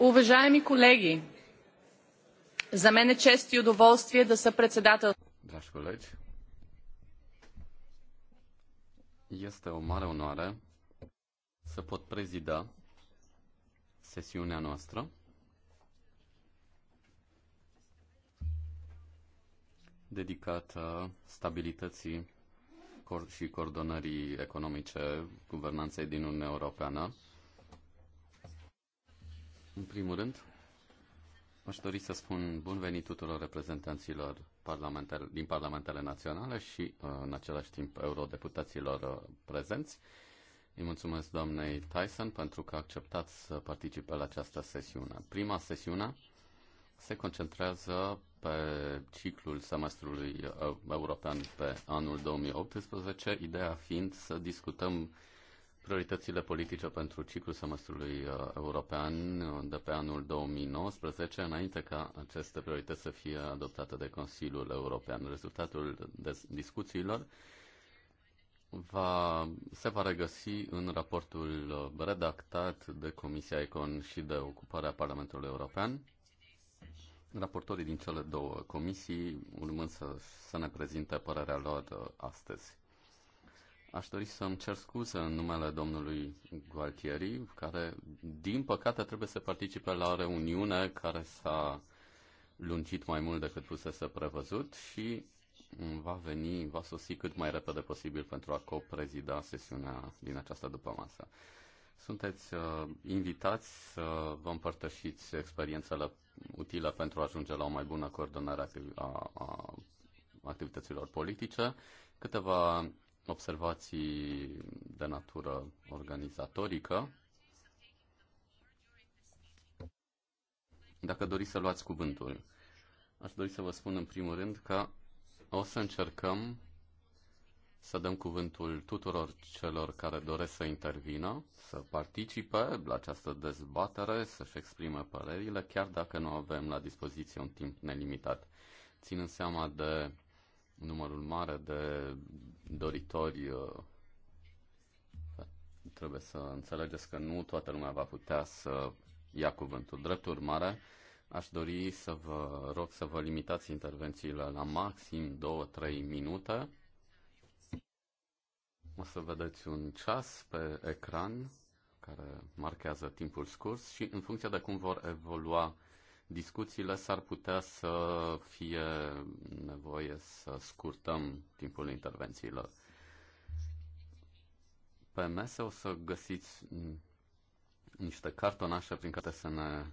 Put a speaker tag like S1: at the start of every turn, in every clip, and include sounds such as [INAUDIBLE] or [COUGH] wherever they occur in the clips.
S1: Уважаеми колеги, за мен е чест и удоволствие да съпредседател
S2: Dragi colegi, este o mare onoare să pot prezida sesiunea noastră. dedicată stabilității și coordonării economice guvernanței din Uniunea Europeană în primul rând, aș dori să spun bun venit tuturor reprezentanților parlamentar, din parlamentele naționale și, uh, în același timp, eurodeputaților uh, prezenți. Îi mulțumesc doamnei Tyson pentru că a acceptat să participe la această sesiune. Prima sesiune se concentrează pe ciclul semestrului uh, european pe anul 2018, ideea fiind să discutăm uh, prioritățile politice pentru ciclul semestrului uh, european de pe anul 2019, înainte ca aceste priorități să fie adoptate de Consiliul European. Rezultatul discuțiilor va, se va regăsi în raportul redactat de Comisia Econ și de Ocuparea Parlamentului European. Raportorii din cele două comisii urmând să, să ne prezinte părerea lor uh, astăzi. Aș dori să-mi cer scuze în numele domnului Gualtieri, care, din păcate, trebuie să participe la o reuniune care s-a lungit mai mult decât fusese prevăzut și va veni, va sosi cât mai repede posibil pentru a coprezida sesiunea din această după masă. Sunteți uh, invitați să vă împărtășiți experiențele utile pentru a ajunge la o mai bună coordonare a, a, a activităților politice. Câteva observații de natură organizatorică. Dacă doriți să luați cuvântul, aș dori să vă spun în primul rând că o să încercăm să dăm cuvântul tuturor celor care doresc să intervină, să participe la această dezbatere, să-și exprime părerile, chiar dacă nu avem la dispoziție un timp nelimitat. Ținând seama de numărul mare de doritori uh, trebuie să înțelegeți că nu toată lumea va putea să ia cuvântul. Drept urmare, aș dori să vă rog să vă limitați intervențiile la maxim 2-3 minute. O să vedeți un ceas pe ecran care marchează timpul scurs și în funcție de cum vor evolua discuțiile, s-ar putea să fie nevoie să scurtăm timpul intervențiilor. Pe mese o să găsiți niște cartonașe prin care să ne,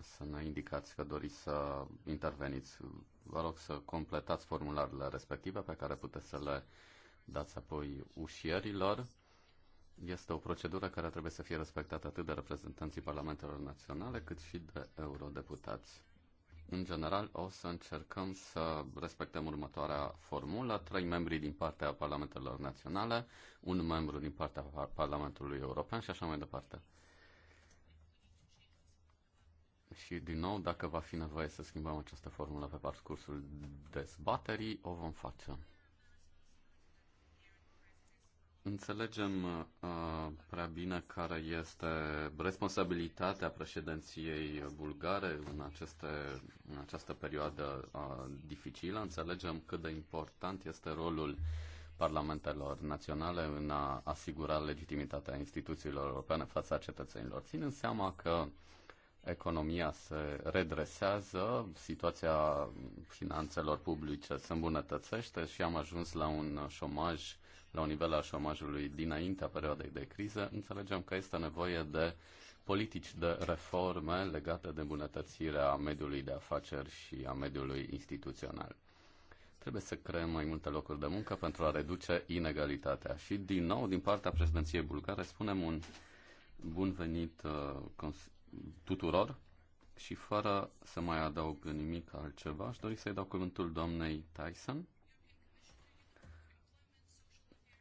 S2: să ne indicați că doriți să interveniți. Vă rog să completați formularele respective pe care puteți să le dați apoi ușierilor este o procedură care trebuie să fie respectată atât de reprezentanții parlamentelor naționale cât și de eurodeputați. În general, o să încercăm să respectăm următoarea formulă. Trei membri din partea parlamentelor naționale, un membru din partea Parlamentului European și așa mai departe. Și, din nou, dacă va fi nevoie să schimbăm această formulă pe parcursul dezbaterii, o vom face. Înțelegem uh, prea bine care este responsabilitatea președinției bulgare în, aceste, în această perioadă uh, dificilă. Înțelegem cât de important este rolul parlamentelor naționale în a asigura legitimitatea instituțiilor europene fața cetățenilor. Ținând seama că economia se redresează, situația finanțelor publice se îmbunătățește și am ajuns la un șomaj uh, la un nivel al șomajului dinaintea perioadei de criză, înțelegem că este nevoie de politici de reforme legate de îmbunătățirea mediului de afaceri și a mediului instituțional. Trebuie să creăm mai multe locuri de muncă pentru a reduce inegalitatea. Și, din nou, din partea președinției bulgare, spunem un bun venit uh, tuturor și fără să mai adaug nimic altceva, aș dori să-i dau cuvântul doamnei Tyson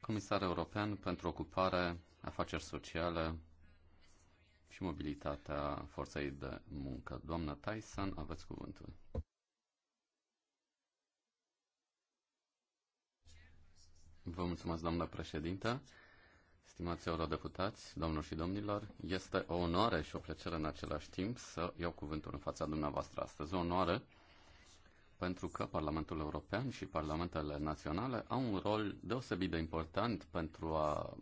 S2: Comisar European pentru Ocupare, Afaceri Sociale și Mobilitatea Forței de Muncă. Doamna Tyson, aveți cuvântul. Vă mulțumesc, doamnă președintă. Stimați eurodeputați, domnilor și domnilor, este o onoare și o plăcere în același timp să iau cuvântul în fața dumneavoastră astăzi. O onoare pentru că Parlamentul European și Parlamentele Naționale au un rol deosebit de important pentru a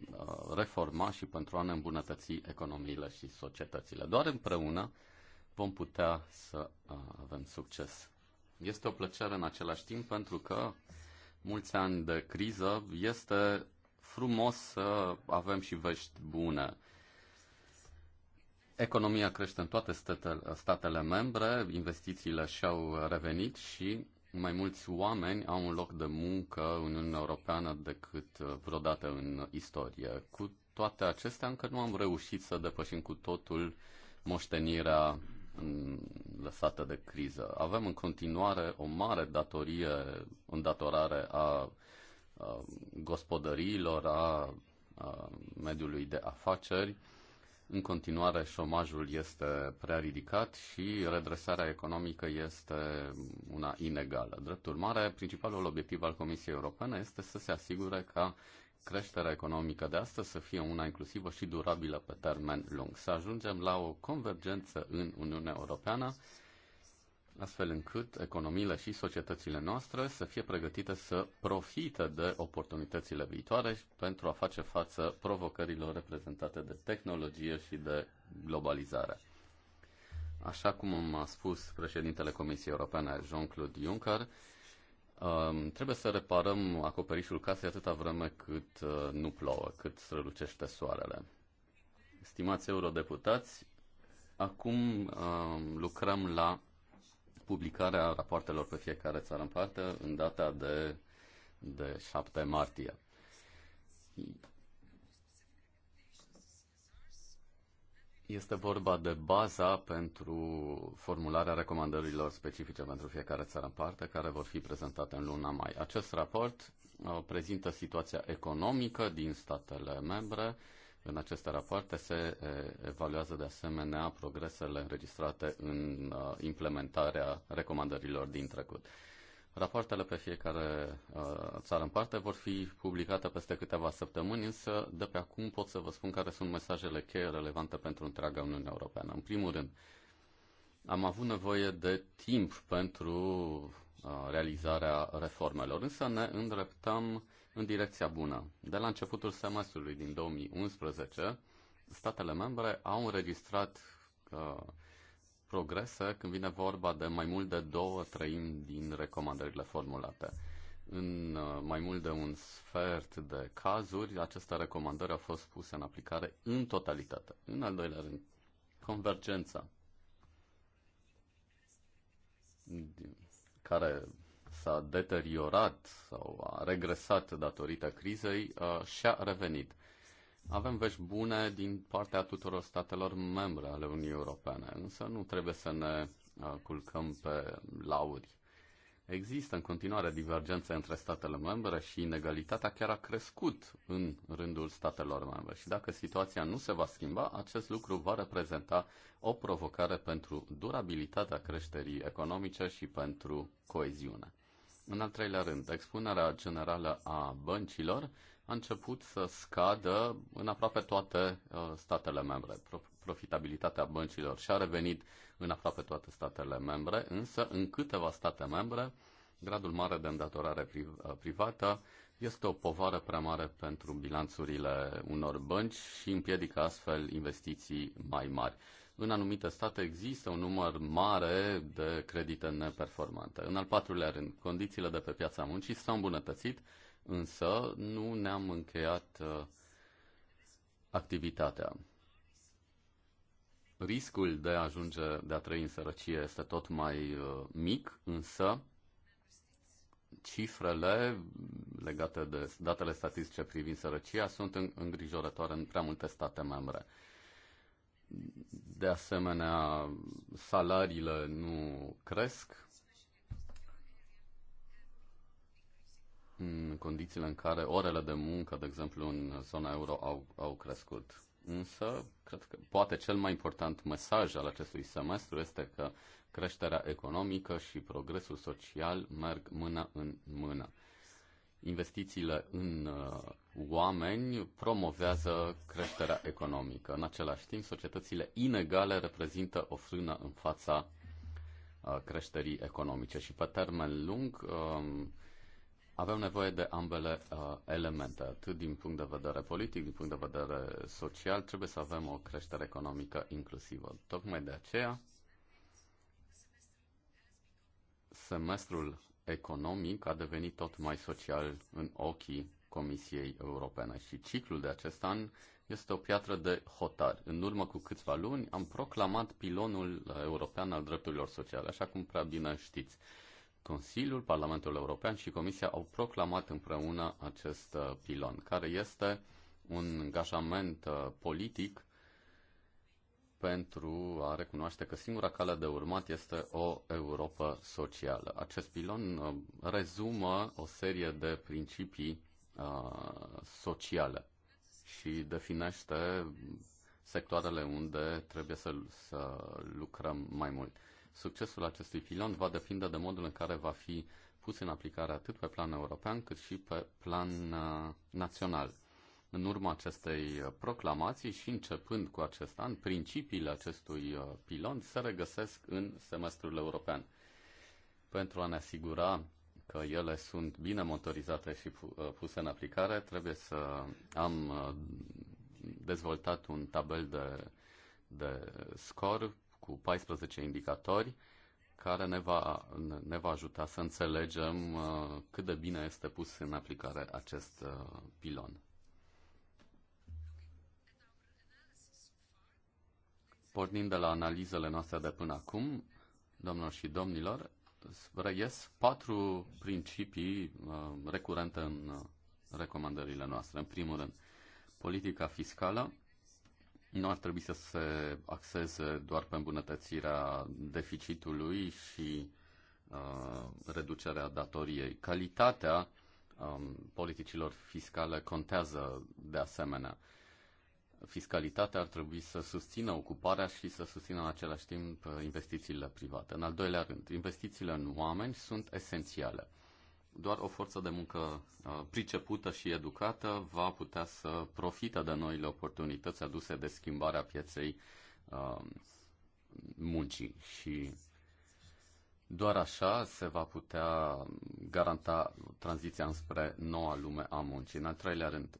S2: reforma și pentru a ne îmbunătăți economiile și societățile. Doar împreună vom putea să avem succes. Este o plăcere în același timp pentru că mulți ani de criză este frumos să avem și vești bune Economia crește în toate statele, membre, investițiile și-au revenit și mai mulți oameni au un loc de muncă în Uniunea Europeană decât uh, vreodată în istorie. Cu toate acestea, încă nu am reușit să depășim cu totul moștenirea mm, lăsată de criză. Avem în continuare o mare datorie, îndatorare a, a gospodăriilor, a, a mediului de afaceri, în continuare, șomajul este prea ridicat și redresarea economică este una inegală. Drept urmare, principalul obiectiv al Comisiei Europene este să se asigure ca creșterea economică de astăzi să fie una inclusivă și durabilă pe termen lung. Să ajungem la o convergență în Uniunea Europeană astfel încât economiile și societățile noastre să fie pregătite să profite de oportunitățile viitoare pentru a face față provocărilor reprezentate de tehnologie și de globalizare. Așa cum a spus președintele Comisiei Europene Jean-Claude Juncker, um, trebuie să reparăm acoperișul casei atâta vreme cât uh, nu plouă, cât strălucește soarele. Stimați eurodeputați, acum um, lucrăm la publicarea rapoartelor pe fiecare țară în parte în data de, de 7 martie. Este vorba de baza pentru formularea recomandărilor specifice pentru fiecare țară în parte, care vor fi prezentate în luna mai. Acest raport uh, prezintă situația economică din statele membre, în aceste rapoarte se evaluează de asemenea progresele înregistrate în implementarea recomandărilor din trecut. Rapoartele pe fiecare țară în parte vor fi publicate peste câteva săptămâni, însă de pe acum pot să vă spun care sunt mesajele cheie relevante pentru întreaga Uniune Europeană. În primul rând, am avut nevoie de timp pentru realizarea reformelor, însă ne îndreptăm în direcția bună. De la începutul semestrului din 2011, statele membre au înregistrat uh, progrese când vine vorba de mai mult de două treimi din recomandările formulate. În uh, mai mult de un sfert de cazuri, aceste recomandări au fost puse în aplicare în totalitate. În al doilea rând, convergența care s-a deteriorat sau a regresat datorită crizei uh, și-a revenit. Avem vești bune din partea tuturor statelor membre ale Uniunii Europene, însă nu trebuie să ne uh, culcăm pe lauri. Există în continuare divergențe între statele membre și inegalitatea chiar a crescut în rândul statelor membre. Și dacă situația nu se va schimba, acest lucru va reprezenta o provocare pentru durabilitatea creșterii economice și pentru coeziune. În al treilea rând, expunerea generală a băncilor a început să scadă în aproape toate uh, statele membre. Profitabilitatea băncilor și-a revenit în aproape toate statele membre, însă în câteva state membre gradul mare de îndatorare uh, privată este o povară prea mare pentru bilanțurile unor bănci și împiedică astfel investiții mai mari în anumite state există un număr mare de credite neperformante. În al patrulea rând, condițiile de pe piața muncii s-au îmbunătățit, însă nu ne-am încheiat uh, activitatea. Riscul de a ajunge, de a trăi în sărăcie este tot mai uh, mic, însă cifrele legate de datele statistice privind sărăcia sunt îngrijorătoare în prea multe state membre. De asemenea, salariile nu cresc în condițiile în care orele de muncă, de exemplu, în zona euro au, au crescut. Însă, cred că poate cel mai important mesaj al acestui semestru este că creșterea economică și progresul social merg mână în mână. Investițiile în uh, oameni promovează creșterea economică. În același timp, societățile inegale reprezintă o frână în fața uh, creșterii economice și pe termen lung um, avem nevoie de ambele uh, elemente, atât din punct de vedere politic, din punct de vedere social, trebuie să avem o creștere economică inclusivă. Tocmai de aceea, semestrul economic a devenit tot mai social în ochii Comisiei Europene și ciclul de acest an este o piatră de hotar. În urmă cu câțiva luni am proclamat pilonul european al drepturilor sociale, așa cum prea bine știți. Consiliul, Parlamentul European și Comisia au proclamat împreună acest uh, pilon, care este un angajament uh, politic pentru a recunoaște că singura cale de urmat este o Europa socială. Acest pilon uh, rezumă o serie de principii Uh, sociale și definește sectoarele unde trebuie să, să lucrăm mai mult. Succesul acestui pilon va depinde de modul în care va fi pus în aplicare atât pe plan european cât și pe plan uh, național. În urma acestei proclamații și începând cu acest an, principiile acestui uh, pilon se regăsesc în semestrul european. Pentru a ne asigura dacă ele sunt bine motorizate și uh, puse în aplicare, trebuie să am uh, dezvoltat un tabel de, de scor cu 14 indicatori care ne va, ne va ajuta să înțelegem uh, cât de bine este pus în aplicare acest pilon. Pornind de la analizele noastre de până acum, domnilor și domnilor, reies patru principii uh, recurente în uh, recomandările noastre. În primul rând, politica fiscală nu ar trebui să se axeze doar pe îmbunătățirea deficitului și uh, reducerea datoriei. Calitatea um, politicilor fiscale contează de asemenea. Uh, fiscalitatea ar trebui să susțină ocuparea și să susțină în același timp uh, investițiile private. În al doilea rând, investițiile în oameni sunt esențiale. Doar o forță de muncă uh, pricepută și educată va putea să profite de noile oportunități aduse de schimbarea pieței uh, muncii și doar așa se va putea garanta tranziția înspre noua lume a muncii. În al treilea rând,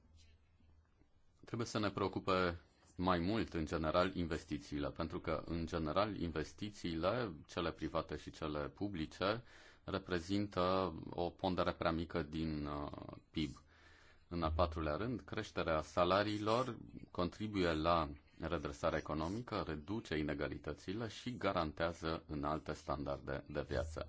S2: Trebuie să ne preocupe mai mult, în general, investițiile, pentru că, în general, investițiile, cele private și cele publice, reprezintă o pondere prea mică din uh, PIB. În al patrulea rând, creșterea salariilor contribuie la redresarea economică, reduce inegalitățile și garantează înalte standarde de viață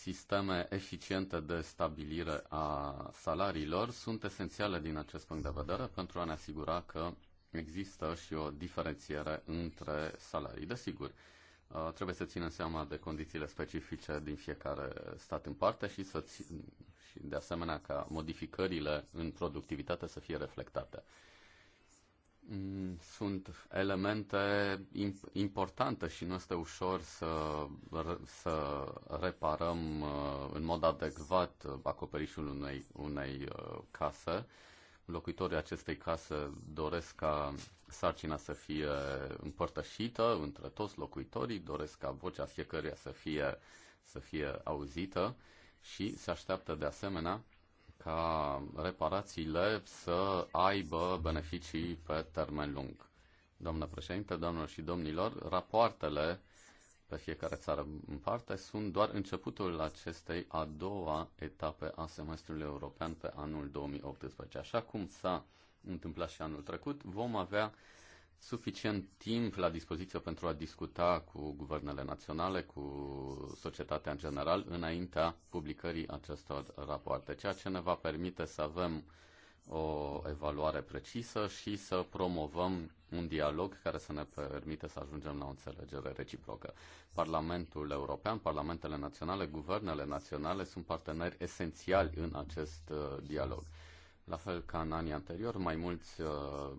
S2: sisteme eficiente de stabilire a salariilor sunt esențiale din acest punct de vedere pentru a ne asigura că există și o diferențiere între salarii. Desigur, uh, trebuie să ținem seama de condițiile specifice din fiecare stat în parte și, să țin, și de asemenea ca modificările în productivitate să fie reflectate. Mm, sunt elemente importante și nu este ușor să, să reparăm uh, în mod adecvat uh, acoperișul unei, unei uh, case. Locuitorii acestei case doresc ca sarcina să fie împărtășită între toți locuitorii, doresc ca vocea fiecăruia să fie, să fie auzită și se așteaptă de asemenea ca reparațiile să aibă beneficii pe termen lung. Doamnă președinte, doamnelor și domnilor, rapoartele pe fiecare țară în parte sunt doar începutul acestei a doua etape a semestrului european pe anul 2018. Așa cum s-a întâmplat și anul trecut, vom avea suficient timp la dispoziție pentru a discuta cu guvernele naționale, cu societatea în general, înaintea publicării acestor rapoarte, ceea ce ne va permite să avem o evaluare precisă și să promovăm un dialog care să ne permite să ajungem la o înțelegere reciprocă. Parlamentul European, parlamentele naționale, guvernele naționale sunt parteneri esențiali în acest uh, dialog la fel ca în anii anterior, mai mulți uh,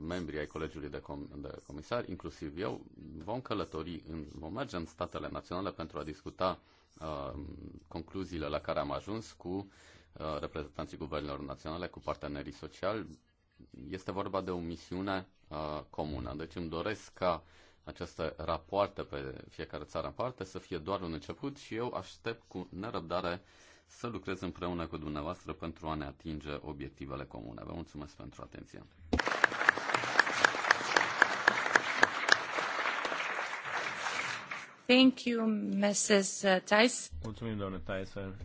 S2: membri ai Colegiului de, com- de Comisari, inclusiv eu, vom călători, în, vom merge în statele naționale pentru a discuta uh, concluziile la care am ajuns cu uh, reprezentanții guvernelor naționale, cu partenerii sociali. Este vorba de o misiune uh, comună. Deci îmi doresc ca aceste rapoarte pe fiecare țară în parte să fie doar un început și eu aștept cu nerăbdare uh, să lucrez împreună cu dumneavoastră pentru a ne atinge obiectivele comune. Vă mulțumesc pentru atenție.
S1: Thank you, Mrs. Tyson.
S3: Mulțumim, doamnă Tyson.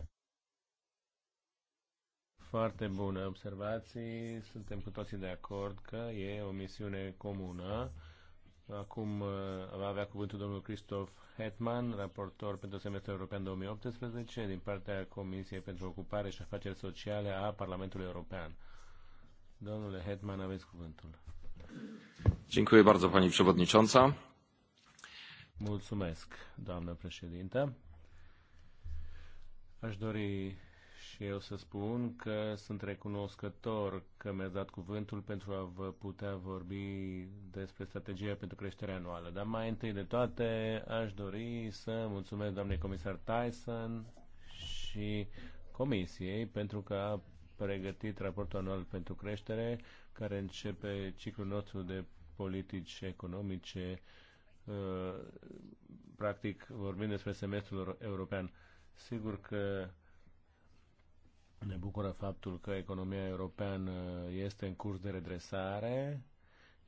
S3: Foarte bună observații. Suntem cu toții de acord că e o misiune comună Acum uh, va avea cuvântul domnul Christoph Hetman, raportor pentru semestrul european 2018 din partea Comisiei pentru Ocupare și Afaceri Sociale a Parlamentului European. Domnule Hetman, aveți cuvântul.
S2: Dziękuję bardzo, pani przewodnicząca.
S3: Mulțumesc, doamnă președintă. Aș dori și eu să spun că sunt recunoscător că mi-ați dat cuvântul pentru a vă putea vorbi despre strategia pentru creștere anuală. Dar mai întâi de toate aș dori să mulțumesc doamnei comisar Tyson și Comisiei pentru că a pregătit raportul anual pentru creștere care începe ciclul nostru de politici economice, uh, practic vorbim despre semestrul european. Sigur că ne bucură faptul că economia europeană este în curs de redresare,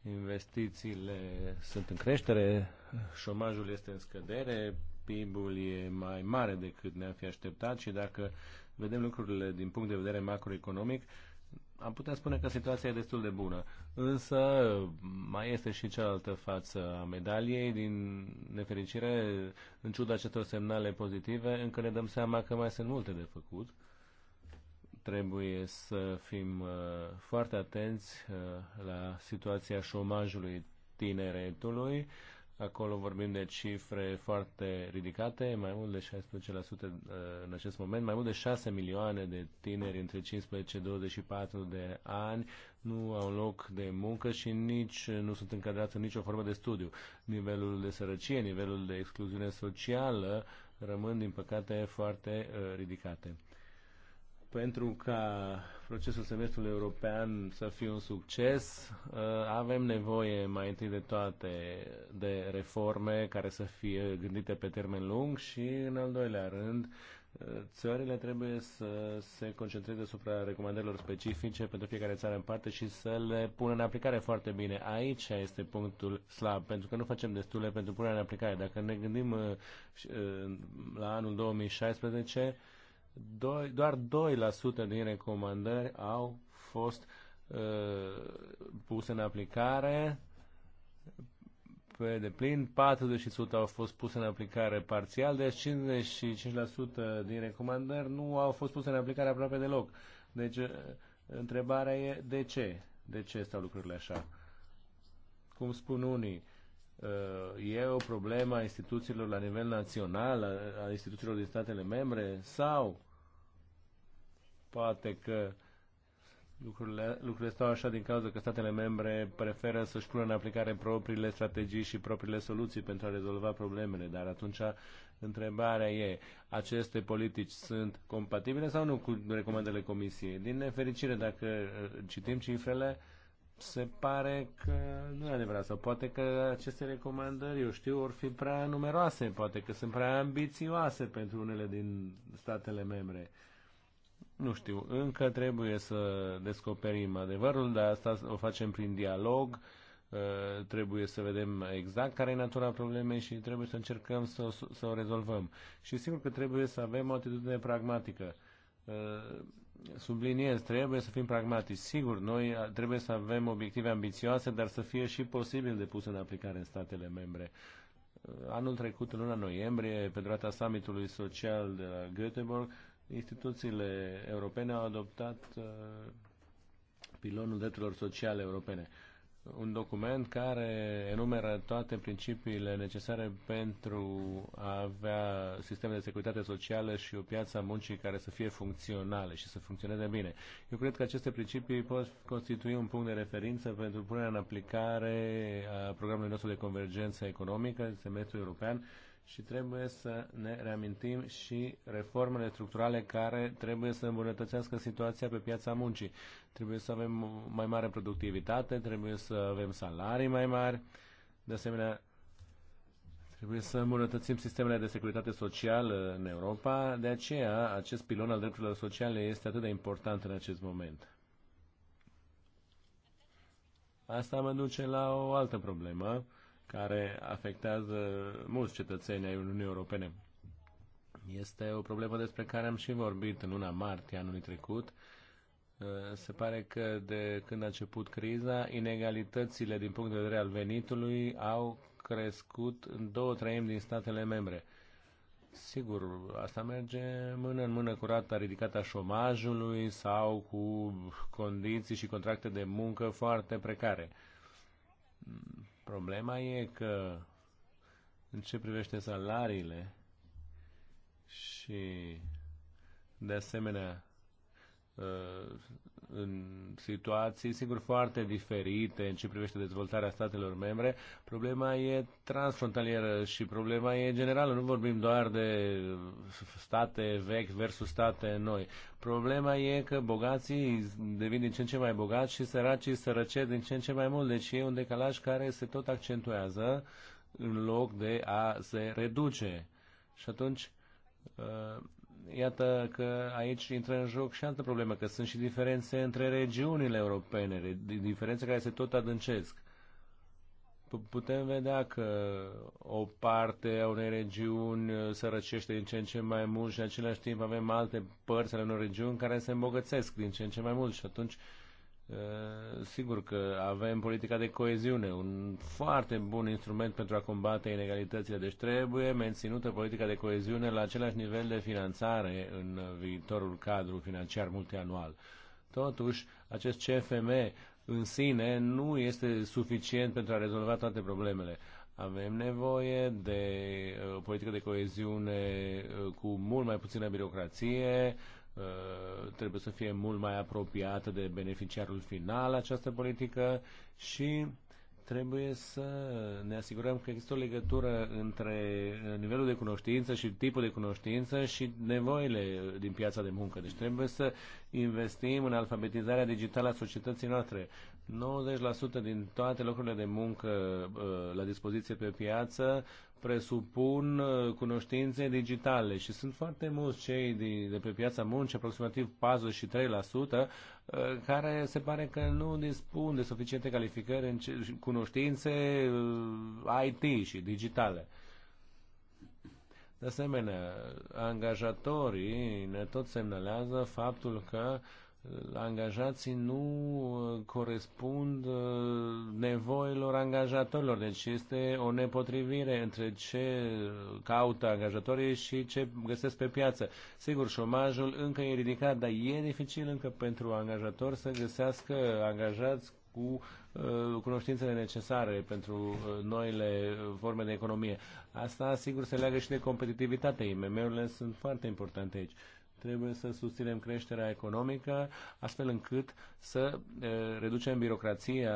S3: investițiile sunt în creștere, șomajul este în scădere, PIB-ul e mai mare decât ne-am fi așteptat și dacă vedem lucrurile din punct de vedere macroeconomic, am putea spune că situația e destul de bună. Însă mai este și cealaltă față a medaliei. Din nefericire, în ciuda acestor semnale pozitive, încă ne dăm seama că mai sunt multe de făcut trebuie să fim uh, foarte atenți uh, la situația șomajului tineretului. Acolo vorbim de cifre foarte ridicate, mai mult de 16% uh, în acest moment, mai mult de 6 milioane de tineri între 15 și 24 de ani nu au loc de muncă și nici nu sunt încadrați în nicio formă de studiu. Nivelul de sărăcie, nivelul de excluziune socială rămân, din păcate, foarte ridicate pentru ca procesul semestrului european să fie un succes, uh, avem nevoie mai întâi de toate de reforme care să fie gândite pe termen lung și, în al doilea rând, uh, țările trebuie să se concentreze asupra recomandărilor specifice pentru fiecare țară în parte și să le pună în aplicare foarte bine. Aici este punctul slab, pentru că nu facem destule pentru punerea în aplicare. Dacă ne gândim uh, la anul 2016, doi, doar 2% din recomandări au fost uh, puse în aplicare pe deplin, 40% au fost puse în aplicare parțial, deci 55% din recomandări nu au fost puse în aplicare aproape deloc. Deci uh, întrebarea e de ce? De ce stau lucrurile așa? Cum spun unii, uh, e o problemă a instituțiilor la nivel național, a instituțiilor din statele membre sau Poate că lucrurile, lucrurile stau așa din cauza că statele membre preferă să-și pună în aplicare propriile strategii și propriile soluții pentru a rezolva problemele, dar atunci întrebarea e, aceste politici sunt compatibile sau nu cu recomandele Comisiei? Din nefericire, dacă uh, citim cifrele, se pare că nu e adevărat sau poate că aceste recomandări, eu știu, or fi prea numeroase, poate că sunt prea ambițioase pentru unele din statele membre nu știu, încă trebuie să descoperim adevărul, dar asta o facem prin dialog, uh, trebuie să vedem exact care e natura problemei și trebuie să încercăm să, să o rezolvăm. Și sigur că trebuie să avem o atitudine pragmatică. Uh, subliniez, trebuie să fim pragmatici. Sigur, noi uh, trebuie să avem obiective ambițioase, dar să fie și posibil de pus în aplicare în statele membre. Anul trecut, în luna noiembrie, pe durata summitului social de la Göteborg, instituțiile europene au adoptat uh, pilonul drepturilor sociale europene, un document care enumeră toate principiile necesare pentru a avea sisteme de securitate socială și o piață a muncii care să fie funcționale și să funcționeze bine. Eu cred că aceste principii pot constitui un punct de referință pentru punerea în aplicare a programului nostru de convergență economică, semestrul european, și trebuie să ne reamintim și reformele structurale care trebuie să îmbunătățească situația pe piața muncii. Trebuie să avem mai mare productivitate, trebuie să avem salarii mai mari, de asemenea Trebuie să îmbunătățim sistemele de securitate socială în Europa, de aceea acest pilon al drepturilor sociale este atât de important în acest moment. Asta mă duce la o altă problemă care afectează mulți cetățeni ai Uniunii Europene. Este o problemă despre care am și vorbit în luna martie anului trecut. Eh, se pare că de când a început criza, inegalitățile din punct de vedere al venitului au crescut în două treimi din statele membre. Sigur, asta merge mână în mână cu rata ridicată a șomajului sau cu condiții și contracte de muncă foarte precare. Problema e că în ce privește salariile și de asemenea Uh, în situații, sigur, foarte diferite în ce privește dezvoltarea statelor membre. Problema e transfrontalieră și problema e generală. Nu vorbim doar de state vechi versus state noi. Problema e că bogații devin din ce în ce mai bogați și săracii sărăce din ce în ce mai mult. Deci e un decalaj care se tot accentuează în loc de a se reduce. Și atunci uh, iată că aici intră în joc și altă problemă, că sunt și diferențe între regiunile europene, diferențe care se tot adâncesc. Putem vedea că o parte a unei regiuni uh, răcește din ce în ce mai mult și în același timp avem alte părți ale unor regiuni care se îmbogățesc din ce în ce mai mult și atunci uh, Eh, sigur că avem politica de coeziune, un foarte bun instrument pentru a combate inegalitățile, deci trebuie menținută politica de coeziune la același nivel de finanțare în viitorul cadru financiar multianual. Totuși, acest CFM în sine nu este suficient pentru a rezolva toate problemele. Avem nevoie de eh, o politică de coeziune eh, cu mult mai puțină birocrație, Uh, trebuie să fie mult mai apropiată de beneficiarul final această politică și trebuie să ne asigurăm că există o legătură între nivelul de cunoștință și tipul de cunoștință și nevoile din piața de muncă. Deci trebuie să investim în alfabetizarea digitală a societății noastre. 90% din toate locurile de muncă uh, la dispoziție pe piață presupun uh, cunoștințe digitale și sunt foarte mulți cei de, de pe piața muncii, aproximativ 43%, uh, care se pare că nu dispun de suficiente calificări în cunoștințe uh, IT și digitale. De asemenea, angajatorii ne tot semnalează faptul că uh, angajații nu uh, corespund uh, nevoilor angajatorilor. Deci este o nepotrivire între ce caută angajatorii și ce găsesc pe piață. Sigur, șomajul încă e ridicat, dar e dificil încă pentru angajator să găsească angajați cu uh, cunoștințele necesare pentru noile forme de economie. Asta, sigur, se leagă și de competitivitate. IMM-urile sunt foarte importante aici. Trebuie să susținem creșterea economică, astfel încât să reducem birocrația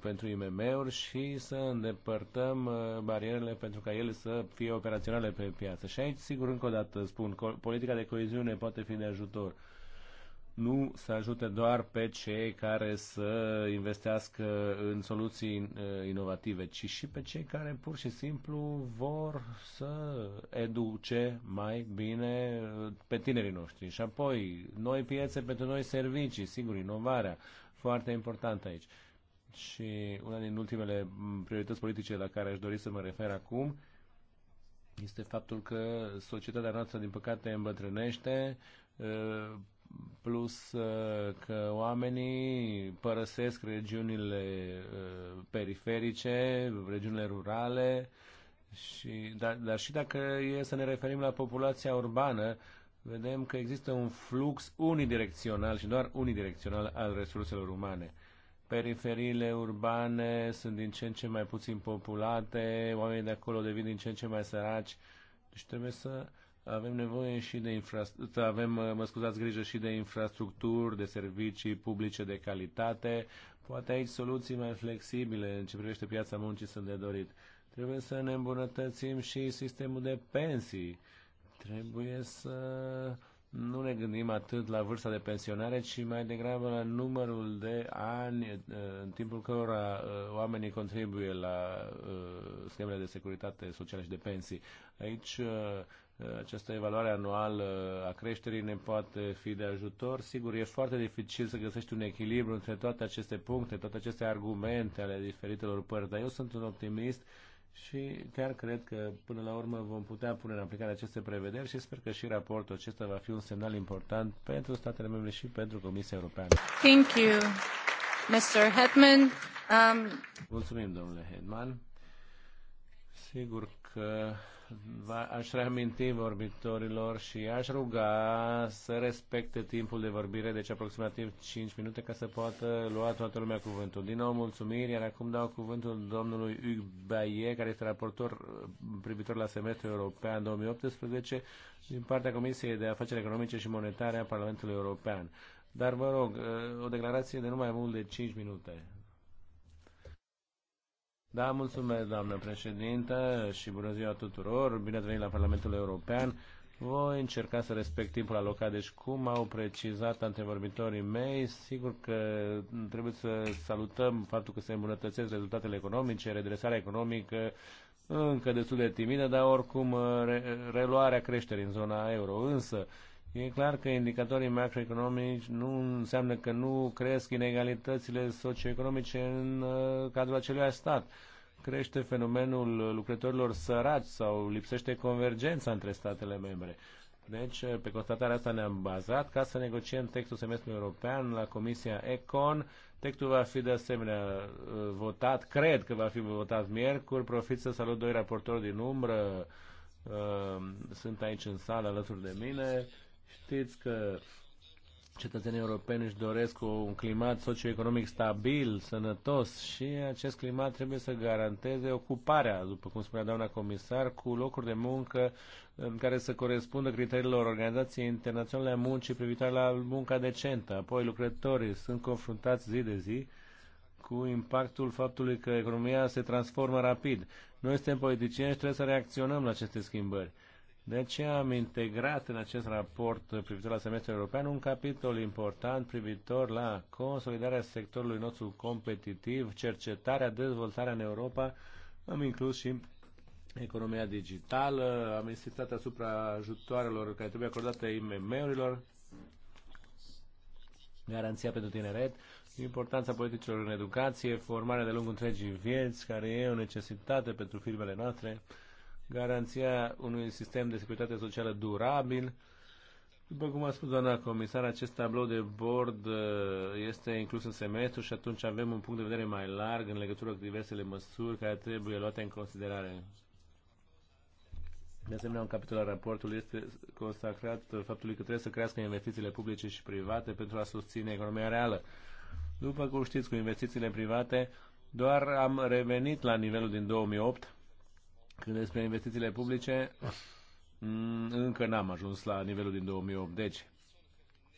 S3: pentru IMM-uri și să îndepărtăm barierele pentru ca ele să fie operaționale pe piață. Și aici, sigur, încă o dată spun, politica de coeziune poate fi de ajutor nu să ajute doar pe cei care să investească în soluții uh, inovative, ci și pe cei care pur și simplu vor să educe mai bine uh, pe tinerii noștri. Și apoi, noi piețe pentru noi servicii, sigur, inovarea, foarte importantă aici. Și una din ultimele mm, priorități politice la care aș dori să mă refer acum este faptul că societatea noastră, din păcate, îmbătrânește, uh, plus uh, că oamenii părăsesc regiunile uh, periferice, regiunile rurale, și, dar, dar și dacă e să ne referim la populația urbană, vedem că există un flux unidirecțional și doar unidirecțional al resurselor umane. Periferiile urbane sunt din ce în ce mai puțin populate, oamenii de acolo devin din ce în ce mai săraci, deci trebuie să uh, avem nevoie și de infrastructură, avem, mă scuzați, grijă și de infrastructuri, de servicii publice de calitate. Poate aici soluții mai flexibile în ce privește piața muncii sunt de dorit. Trebuie să ne îmbunătățim și sistemul de pensii. Trebuie să nu ne gândim atât la vârsta de pensionare, ci mai degrabă la numărul de ani eh, în timpul cărora eh, oamenii contribuie la eh, schemele de securitate socială și de pensii. Aici această evaluare anuală a creșterii ne poate fi de ajutor. Sigur, e foarte dificil să găsești un echilibru între toate aceste puncte, toate aceste argumente ale diferitelor părți, dar eu sunt un optimist și chiar cred că până la urmă vom putea pune în aplicare aceste prevederi și sper că și raportul acesta va fi un semnal important pentru statele membre și pentru Comisia Europeană.
S1: Thank you, Mr. Hetman. Um...
S3: Mulțumim, domnule Hetman. Sigur că aș reaminti vorbitorilor și aș ruga să respecte timpul de vorbire, deci aproximativ 5 minute, ca să poată lua toată lumea cuvântul. Din nou, mulțumiri, iar acum dau cuvântul domnului Hugues Baie, care este raportor uh, privitor la semestrul european 2018, din partea Comisiei de Afaceri Economice și Monetare a Parlamentului European. Dar vă rog, uh, o declarație de nu mai mult de 5 minute. Da, mulțumesc, doamnă președintă, și bună ziua tuturor. Bine ați venit la Parlamentul European. Voi încerca să respect timpul alocat, deci cum au precizat antevorbitorii mei, sigur că trebuie să salutăm faptul că se îmbunătățesc rezultatele economice, redresarea economică încă destul de timidă, dar oricum reluarea creșterii în zona euro. Însă, E clar că indicatorii macroeconomici nu înseamnă că nu cresc inegalitățile socioeconomice în uh, cadrul acelui stat. Crește fenomenul lucrătorilor săraci sau lipsește convergența între statele membre. Deci, uh, pe constatarea asta ne-am bazat ca să negociem textul semestrului european la Comisia Econ. Textul va fi de asemenea uh, votat, cred că va fi votat miercuri. Profit să salut doi raportori din umbră. Sunt aici în sală alături de mine Știți că cetățenii europeni își doresc un climat socioeconomic stabil, sănătos și acest climat trebuie să garanteze ocuparea, după cum spunea doamna comisar, cu locuri de muncă în care să corespundă criteriilor Organizației Internaționale a Muncii privitoare la munca decentă. Apoi lucrătorii sunt confruntați zi de zi cu impactul faptului că economia se transformă rapid. Noi suntem politicieni și trebuie să reacționăm la aceste schimbări de aceea am integrat în acest raport privitor la semestrul european un capitol important privitor la consolidarea sectorului nostru competitiv, cercetarea, dezvoltarea în Europa. Am inclus și economia digitală, am insistat asupra ajutoarelor care trebuie acordate IMM-urilor, garanția pentru tineret, importanța politicilor în educație, formarea de lungul întregii vieți, care e o necesitate pentru firmele noastre, garanția unui sistem de securitate socială durabil. După cum a spus doamna comisar, acest tablou de bord uh, este inclus în semestru și atunci avem un punct de vedere mai larg în legătură cu diversele măsuri care trebuie luate în considerare. De asemenea, un capitol al raportului este consacrat faptului că trebuie să crească investițiile publice și private pentru a susține economia reală. După cum știți, cu investițiile private doar am revenit la nivelul din 2008, când despre investițiile publice, mm, încă n-am ajuns la nivelul din 2008. Deci,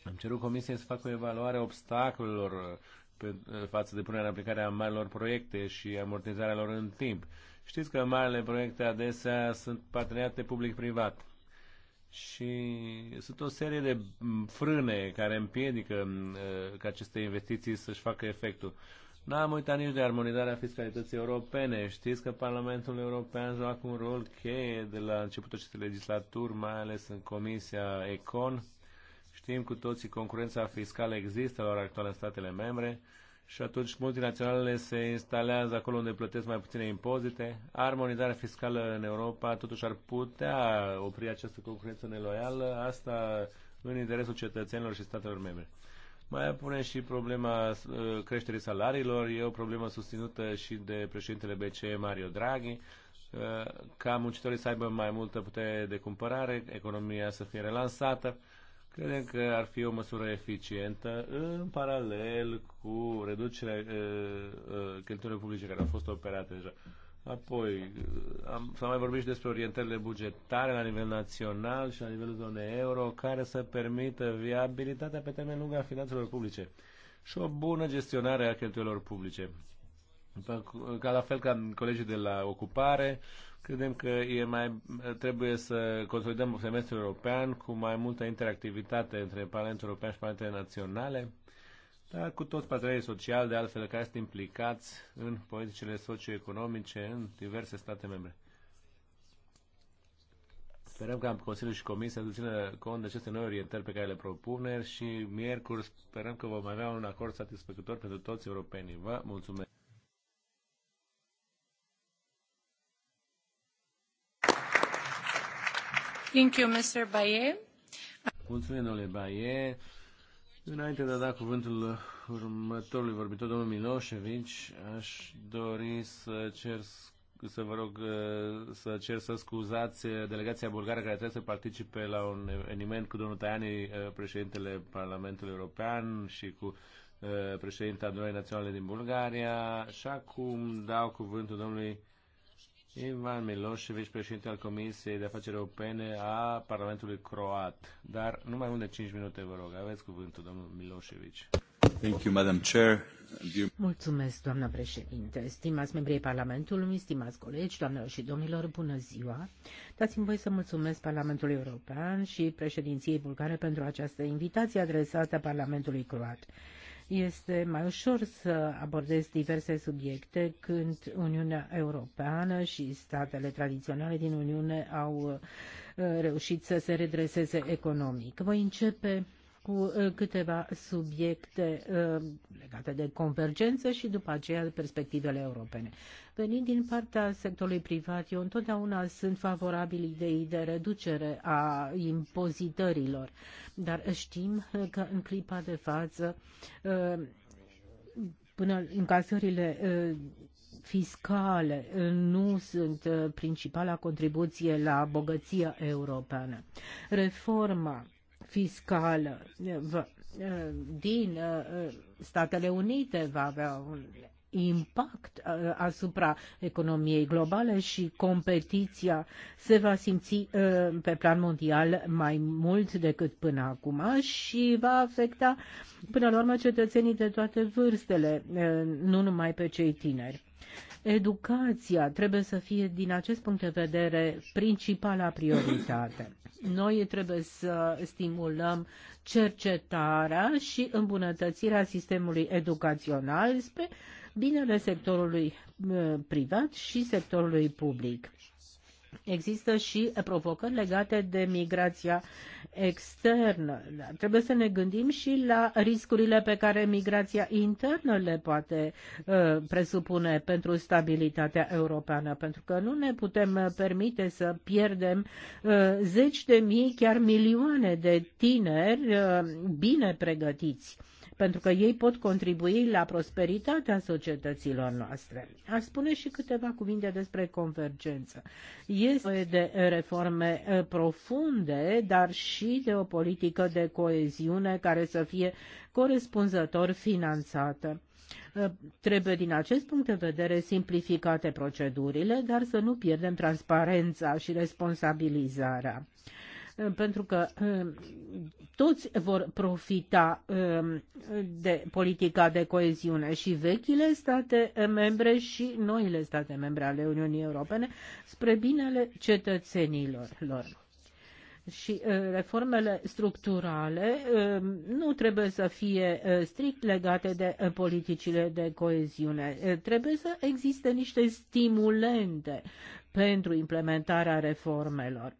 S3: am cerut Comisiei să facă o evaluare a obstacolelor pe, față de punerea în aplicare a marilor proiecte și amortizarea lor în timp. Știți că marile proiecte adesea sunt parteneriate public-privat și sunt o serie de frâne care împiedică ca aceste investiții să-și facă efectul. N-am uitat nici de armonizarea fiscalității europene. Știți că Parlamentul European joacă un rol cheie de la începutul acestei legislaturi, mai ales în Comisia Econ. Știm cu toții concurența fiscală există la ora actuală în statele membre și atunci multinaționalele se instalează acolo unde plătesc mai puține impozite. Armonizarea fiscală în Europa totuși ar putea opri această concurență neloială, asta în interesul cetățenilor și statelor membre. Mai apune și problema uh, creșterii salariilor, e o problemă susținută și de președintele BCE Mario Draghi, uh, ca muncitorii să aibă mai multă putere de cumpărare, economia să fie relansată. Credem că ar fi o măsură eficientă în paralel cu reducerea uh, uh, cheltuielor publice care au fost operate deja. Apoi, am, să mai vorbit și despre orientările bugetare la nivel național și la nivelul zonei euro, care să permită viabilitatea pe termen lung a finanțelor publice și o bună gestionare a cheltuielor publice. Ca la fel ca colegii de la ocupare, credem că e mai, trebuie să consolidăm semestrul european cu mai multă interactivitate între Parlamentul European și Parlamentele Naționale dar cu toți partenerii sociali, de altfel, care sunt implicați în politicile socioeconomice în diverse state membre. Sperăm că Consiliul și Comisia să țină cont de aceste noi orientări pe care le propune și miercuri sperăm că vom avea un acord satisfăcător pentru toți europenii. Vă mulțumesc!
S1: Thank you, Mr. Baye.
S3: Mulțumim, domnule Baie. Înainte de a da cuvântul următorului vorbitor, domnul Miloșevici, aș dori să cer să vă rog uh, să cer să scuzați uh, delegația bulgară care trebuie să participe la un eveniment cu domnul Tajani, uh, președintele Parlamentului European și cu președinta Adunării Naționale din Bulgaria. Și acum dau cuvântul domnului Ivan Milosevic, președinte al Comisiei de Afaceri Europene a Parlamentului Croat. Dar nu mai mult de 5 minute, vă rog. Aveți cuvântul, domnul Milosevic.
S2: Thank you, Madam Chair.
S1: Mulțumesc, doamna președinte. Stimați membrii Parlamentului, stimați colegi, doamnelor și domnilor, bună ziua. Dați-mi voi să mulțumesc Parlamentului European și președinției bulgare pentru această invitație adresată Parlamentului Croat. Este mai ușor să abordezi diverse subiecte când Uniunea Europeană și statele tradiționale din Uniune au uh, reușit să se redreseze economic. Voi începe cu uh, câteva subiecte uh, legate de convergență și după aceea perspectivele europene. Venind din partea sectorului privat, eu întotdeauna sunt favorabil ideii de reducere a impozitărilor, dar știm uh, că în clipa de față până încasările fiscale nu sunt principala contribuție la bogăția europeană. Reforma fiscală din Statele Unite va avea un impact uh, asupra economiei globale și competiția se va simți uh, pe plan mondial mai mult decât până acum și va afecta până la urmă cetățenii de toate vârstele, uh, nu numai pe cei tineri. Educația trebuie să fie, din acest punct de vedere, principala prioritate. Noi trebuie să stimulăm cercetarea și îmbunătățirea sistemului educațional spre binele sectorului eh, privat și sectorului public. Există și provocări legate de migrația externă. Trebuie să ne gândim și la riscurile pe care migrația internă le poate uh, presupune pentru stabilitatea europeană, pentru că nu ne putem uh, permite să pierdem uh, zeci de mii, chiar milioane de tineri bine pregătiți pentru că ei pot contribui la prosperitatea societăților noastre. Aș spune și câteva cuvinte despre convergență. Este de reforme eh, profunde, dar și de o politică de coeziune care să fie corespunzător finanțată. Eh, trebuie din acest punct de vedere simplificate procedurile, dar să nu pierdem transparența și responsabilizarea pentru că um, toți vor profita um, de politica de coeziune și vechile state membre și noile state membre ale Uniunii Europene spre binele cetățenilor lor și uh, reformele structurale um, nu trebuie să fie uh, strict legate de uh, politicile de coeziune. Trebuie să existe niște stimulente pentru implementarea reformelor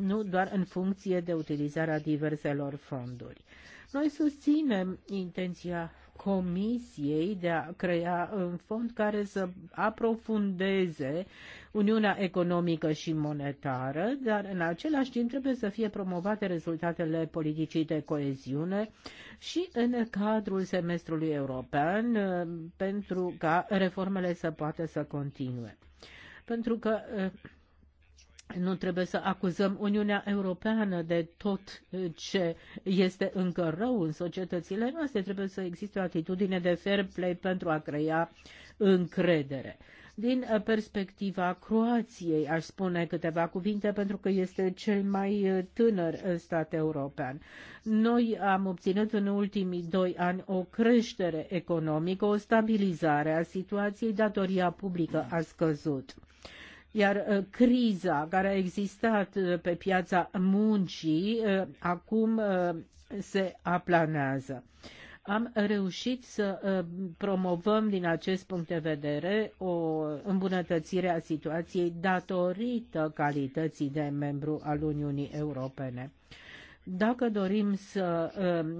S1: nu doar în funcție de utilizarea diverselor fonduri. Noi susținem intenția Comisiei de a crea un fond care să aprofundeze Uniunea Economică și Monetară, dar în același timp trebuie să fie promovate rezultatele politicii de coeziune și în cadrul semestrului european uh, pentru ca reformele să poată să continue. Pentru că uh, nu trebuie să acuzăm Uniunea Europeană de tot uh, ce este încă rău în societățile noastre. Trebuie să existe o atitudine de fair play pentru a crea încredere. Din uh, perspectiva Croației, aș spune câteva cuvinte pentru că este cel mai uh, tânăr stat european. Noi am obținut în ultimii doi ani o creștere economică, o stabilizare a situației, datoria publică a scăzut iar uh, criza care a existat uh, pe piața muncii uh, acum se aplanează. Am reușit să promovăm din acest punct de vedere o îmbunătățire a situației datorită calității de membru al Uniunii Europene dacă dorim să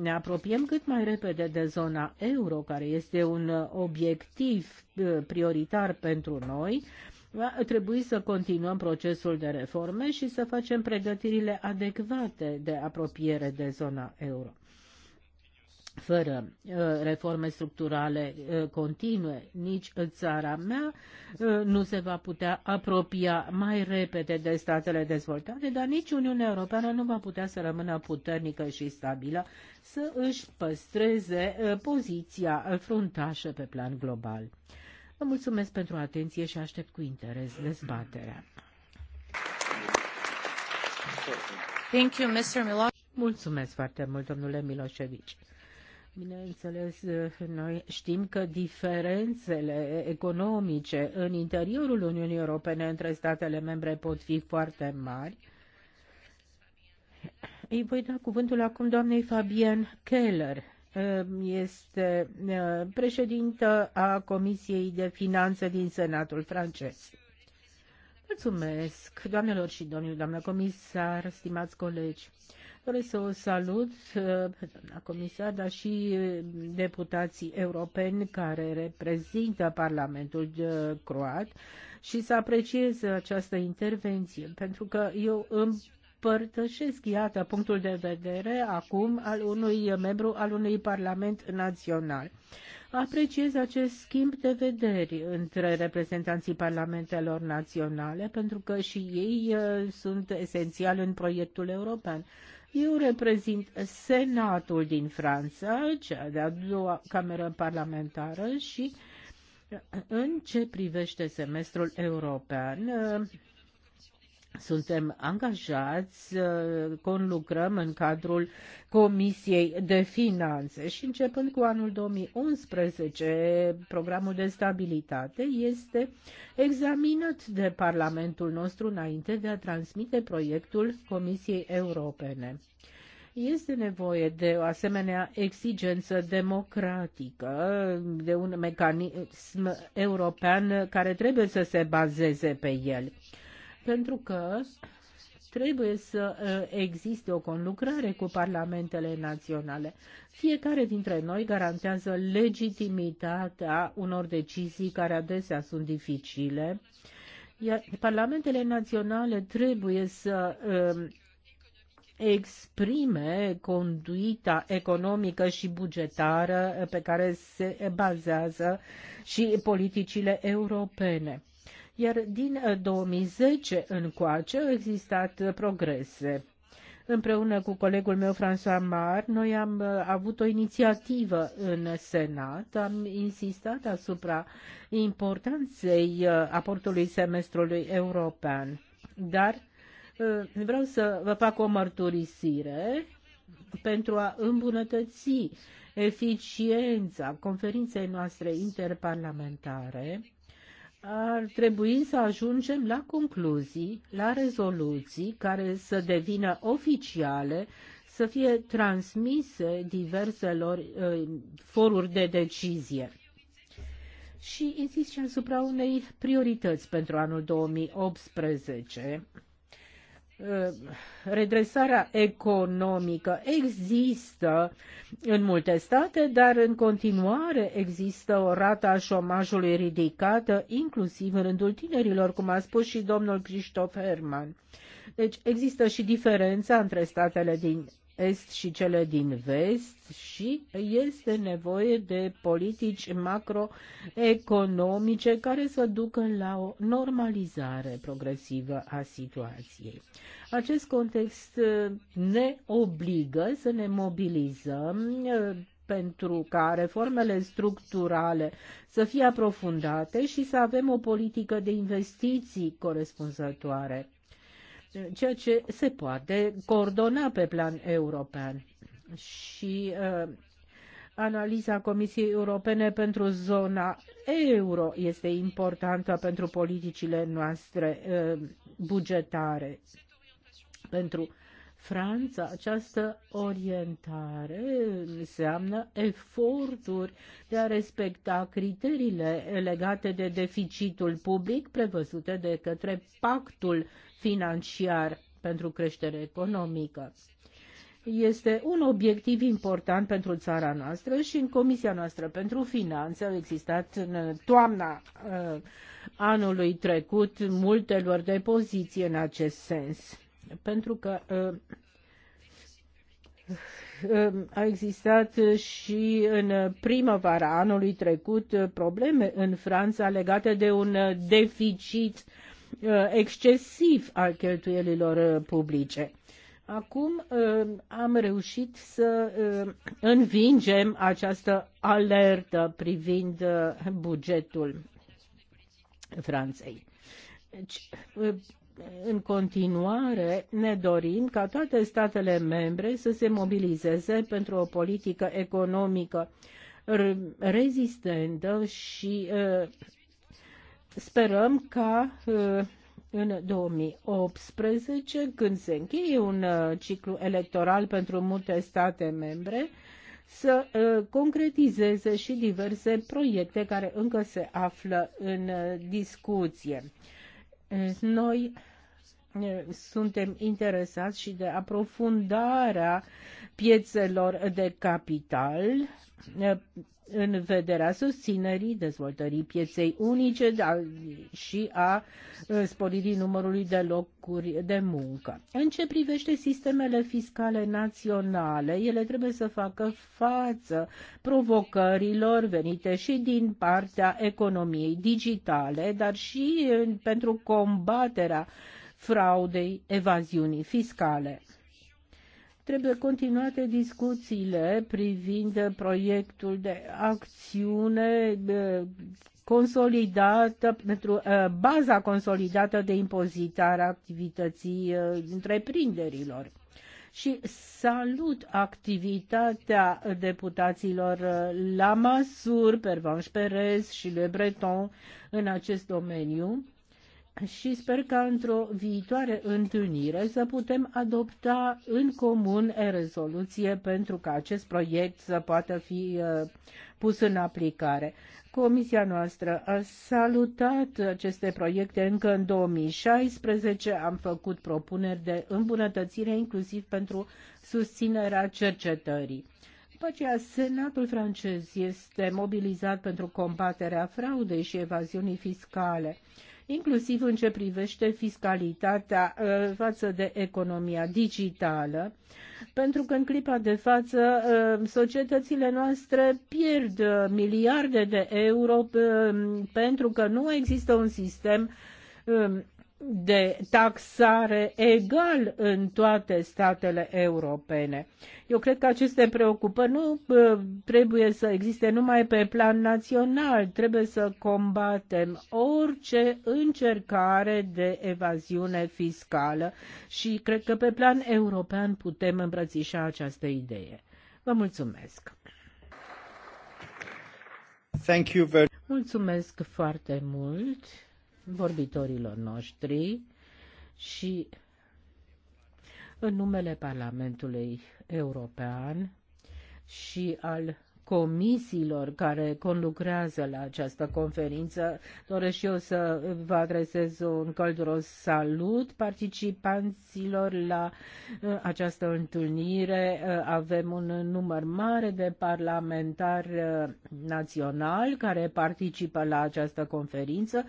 S1: ne apropiem cât mai repede de zona euro, care este un obiectiv prioritar pentru noi, va trebui să continuăm procesul de reforme și să facem pregătirile adecvate de apropiere de zona euro. Fără uh, reforme structurale uh, continue, nici țara mea uh, nu se va putea apropia mai repede de statele dezvoltate, dar nici Uniunea Europeană nu va putea să rămână puternică și stabilă să își păstreze poziția fruntașă pe plan global. Vă mulțumesc pentru atenție și aștept cu interes dezbaterea. Thank you, Mr. Milo mulțumesc foarte mult, domnule Milosevic. Bineînțeles, noi știm că diferențele economice în interiorul Uniunii Europene între statele membre pot fi foarte mari. Îi voi da cuvântul acum doamnei Fabian Keller, Ehm, este ehm, președintă a Comisiei de Finanțe din Senatul francez. Mulțumesc, doamnelor și domnilor, doamnă comisar, stimați colegi. Doresc să o salut, ehm, doamna comisar, dar și deputații europeni care reprezintă Parlamentul croat și să apreciez această intervenție, pentru că eu îmi împărtășesc, iată, punctul de vedere acum al unui membru al unui parlament național. Apreciez acest schimb de vederi între reprezentanții parlamentelor naționale, pentru că și ei uh, sunt esențiali în proiectul european. Eu reprezint Senatul din Franța, cea de-a doua cameră parlamentară și uh, în ce privește semestrul european, uh, suntem angajați, uh, conlucrăm în cadrul Comisiei de Finanțe și începând cu anul 2011, programul de stabilitate este examinat de Parlamentul nostru înainte de a transmite proiectul Comisiei Europene. Este nevoie de o asemenea exigență democratică, de un mecanism european care trebuie să se bazeze pe el pentru că trebuie să existe o conlucrare cu parlamentele naționale. Fiecare dintre noi garantează legitimitatea unor decizii care adesea sunt dificile, iar parlamentele naționale trebuie să exprime conduita economică și bugetară pe care se bazează și politicile europene iar din 2010 uh, încoace au existat uh, progrese. Împreună cu colegul meu, François Mar, noi am uh, avut o inițiativă în Senat, am insistat asupra importanței aportului semestrului european. Dar vreau să vă fac o mărturisire pentru a îmbunătăți eficiența conferinței noastre interparlamentare ar trebui să ajungem la concluzii, la rezoluții care să devină oficiale, să fie transmise diverselor uh, foruri de decizie. Și insist și asupra unei priorități pentru anul 2018 redresarea economică există în multe state, dar în continuare există o rată a șomajului ridicată, inclusiv în rândul tinerilor, cum a spus și domnul Christoph Herman. Deci există și diferența între statele din est și cele din vest și este nevoie de politici macroeconomice care să ducă la o normalizare progresivă a situației. Acest context uh, ne obligă să ne mobilizăm uh, pentru ca reformele structurale să fie aprofundate și să avem o politică de investiții corespunzătoare ceea ce se poate coordona pe plan european. Și uh, analiza Comisiei Europene pentru zona euro este importantă pentru politicile noastre uh, bugetare, pentru Franța. Această orientare înseamnă eforturi de a respecta criteriile legate de deficitul public prevăzute de către pactul financiar pentru creștere economică este un obiectiv important pentru țara noastră și în Comisia noastră pentru Finanțe au existat în toamna uh, anului trecut multe lor de poziție în acest sens pentru că uh, uh, a existat și în primăvara anului trecut probleme în Franța legate de un deficit uh, excesiv al cheltuielilor publice. Acum am reușit să învingem această alertă privind bugetul Franței. Deci, în continuare ne dorim ca toate statele membre să se mobilizeze pentru o politică economică rezistentă și uh, sperăm ca uh, în 2018, când se încheie un uh, ciclu electoral pentru multe state membre, să concretizeze și diverse proiecte care încă se află în discuție noi suntem interesați și de aprofundarea piețelor de capital în vederea susținerii dezvoltării pieței unice și a sporirii numărului de locuri de muncă. În ce privește sistemele fiscale naționale, ele trebuie să facă față provocărilor venite și din partea economiei digitale, dar și pentru combaterea uh, fraudei, evaziunii fiscale. Trebuie continuate discuțiile privind proiectul de acțiune consolidată, pentru uh, baza consolidată de impozitare a activității uh, întreprinderilor și salut activitatea deputaților uh, la Masur, Pervanș Perez și Le Breton în acest domeniu și sper că într-o viitoare întâlnire să putem adopta în comun rezoluție pentru ca acest proiect să poată fi uh, pus în aplicare. Comisia noastră a salutat aceste proiecte încă în 2016, am făcut propuneri de îmbunătățire inclusiv pentru susținerea cercetării. După aceea, Senatul francez este mobilizat pentru combaterea fraudei și evaziunii fiscale inclusiv în ce privește fiscalitatea uh, față de economia digitală, pentru că în clipa de față uh, societățile noastre pierd uh, miliarde de euro pentru că nu există un sistem um, de taxare egal în toate statele europene. Eu cred că aceste preocupări nu trebuie să existe numai pe plan național, trebuie să combatem orice încercare de evaziune fiscală și cred că pe plan european putem îmbrățișa această idee. Vă mulțumesc! Thank you very... Mulțumesc foarte mult! vorbitorilor noștri și în numele Parlamentului European și al comisiilor care conlucrează la această conferință. Doresc și eu să vă adresez un călduros salut participanților la uh, această întâlnire. Uh, avem un număr mare de parlamentari uh, naționali care participă la această conferință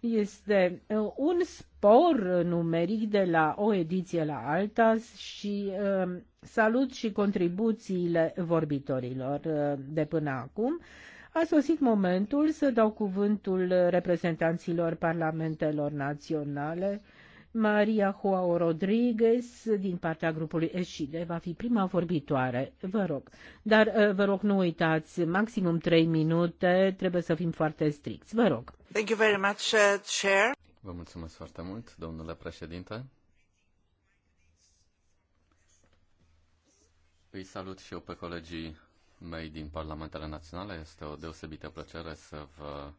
S1: este un spor numeric de la o ediție la alta și salut și contribuțiile vorbitorilor de până acum. A sosit momentul să dau cuvântul reprezentanților parlamentelor naționale Maria Joao Rodriguez din partea grupului Eșide va fi prima vorbitoare. Vă rog. Dar uh, vă rog nu uitați, maximum trei minute, trebuie să fim foarte stricți. Vă rog. Thank you very much, uh, Chair.
S2: Vă mulțumesc foarte mult, domnule președinte. Îi salut și eu pe colegii mei din Parlamentele Naționale. Este o deosebită plăcere să vă,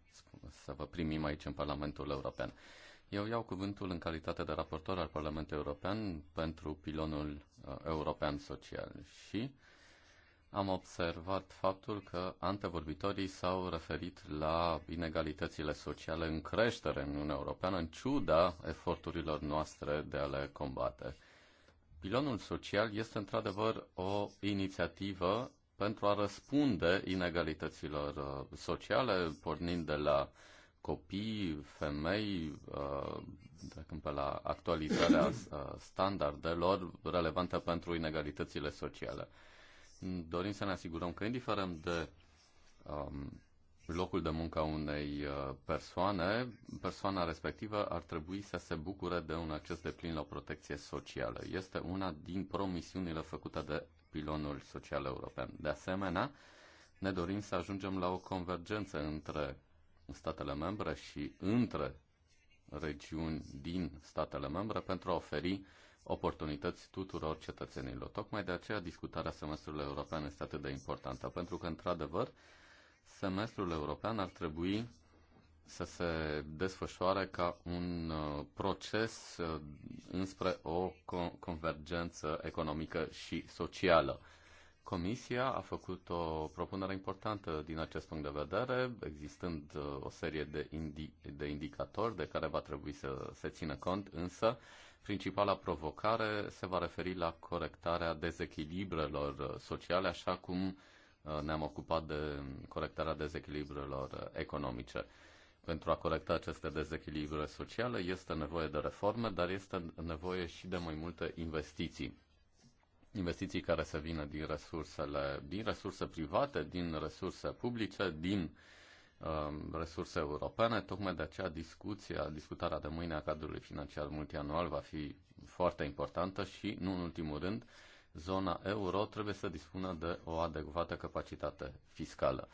S2: să vă primim aici în Parlamentul European. Eu iau cuvântul în calitate de raportor al Parlamentului European pentru pilonul uh, european social și am observat faptul că antevorbitorii s-au referit la inegalitățile sociale în creștere în Uniunea Europeană, în ciuda eforturilor noastre de a le combate. Pilonul social este într-adevăr o inițiativă pentru a răspunde inegalităților uh, sociale, pornind de la uh, copii, femei, uh, dacă pe la actualizarea [COUGHS] uh, standardelor relevante pentru inegalitățile sociale. Dorim să ne asigurăm că, indiferent de um, locul de muncă a unei uh, persoane, persoana respectivă ar trebui să se bucure de un acces de plin la protecție socială. Este una din promisiunile făcute de pilonul social european. De asemenea, ne dorim să ajungem la o convergență între statele membre și între regiuni din statele membre pentru a oferi oportunități tuturor cetățenilor. Tocmai de aceea discutarea semestrului european este atât de importantă, pentru că, într-adevăr, semestrul european ar trebui să se desfășoare ca un uh, proces uh, înspre o convergență economică și socială. Comisia a făcut o propunere importantă din acest punct de vedere, existând uh, o serie de, indi- de indicatori de care va trebui să se țină cont, însă principala provocare se va referi la corectarea dezechilibrelor uh, sociale, așa cum uh, ne-am ocupat de corectarea dezechilibrelor economice. Pentru a corecta aceste dezechilibre sociale este nevoie de reforme, dar este nevoie și de mai multe investiții investiții care să vină din resursele, din resurse private, din resurse publice, din um, resurse europene. Tocmai de aceea discuția, discutarea de mâine a cadrului financiar multianual va fi foarte importantă și, nu în ultimul rând, zona euro trebuie să dispună de o adecvată capacitate fiscală.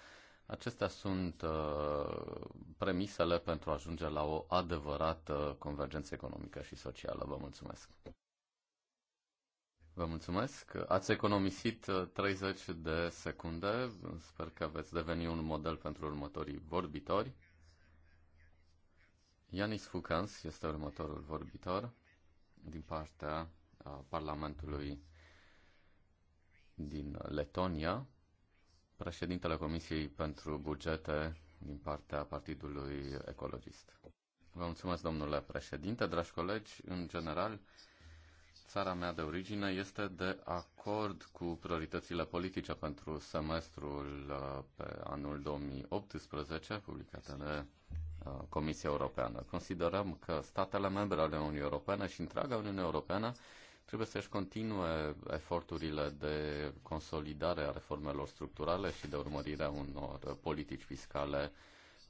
S2: Acestea sunt uh, premisele pentru a ajunge la o adevărată convergență economică și socială. Vă mulțumesc! Vă mulțumesc. Ați economisit 30 uh, de secunde. Sper că veți deveni un model pentru următorii vorbitori. Ianis Fucans este următorul vorbitor din partea Parlamentului din Letonia, președintele Comisiei pentru Bugete din partea Partidului Ecologist. Vă mulțumesc, domnule președinte, dragi colegi. În general, țara mea de origine este de acord cu prioritățile politice pentru semestrul uh, pe anul 2018 publicate de uh, Comisia Europeană. Considerăm că statele membre ale Uniunii Europene și întreaga Uniune Europeană trebuie să-și continue eforturile de consolidare a reformelor structurale și de urmărirea unor politici fiscale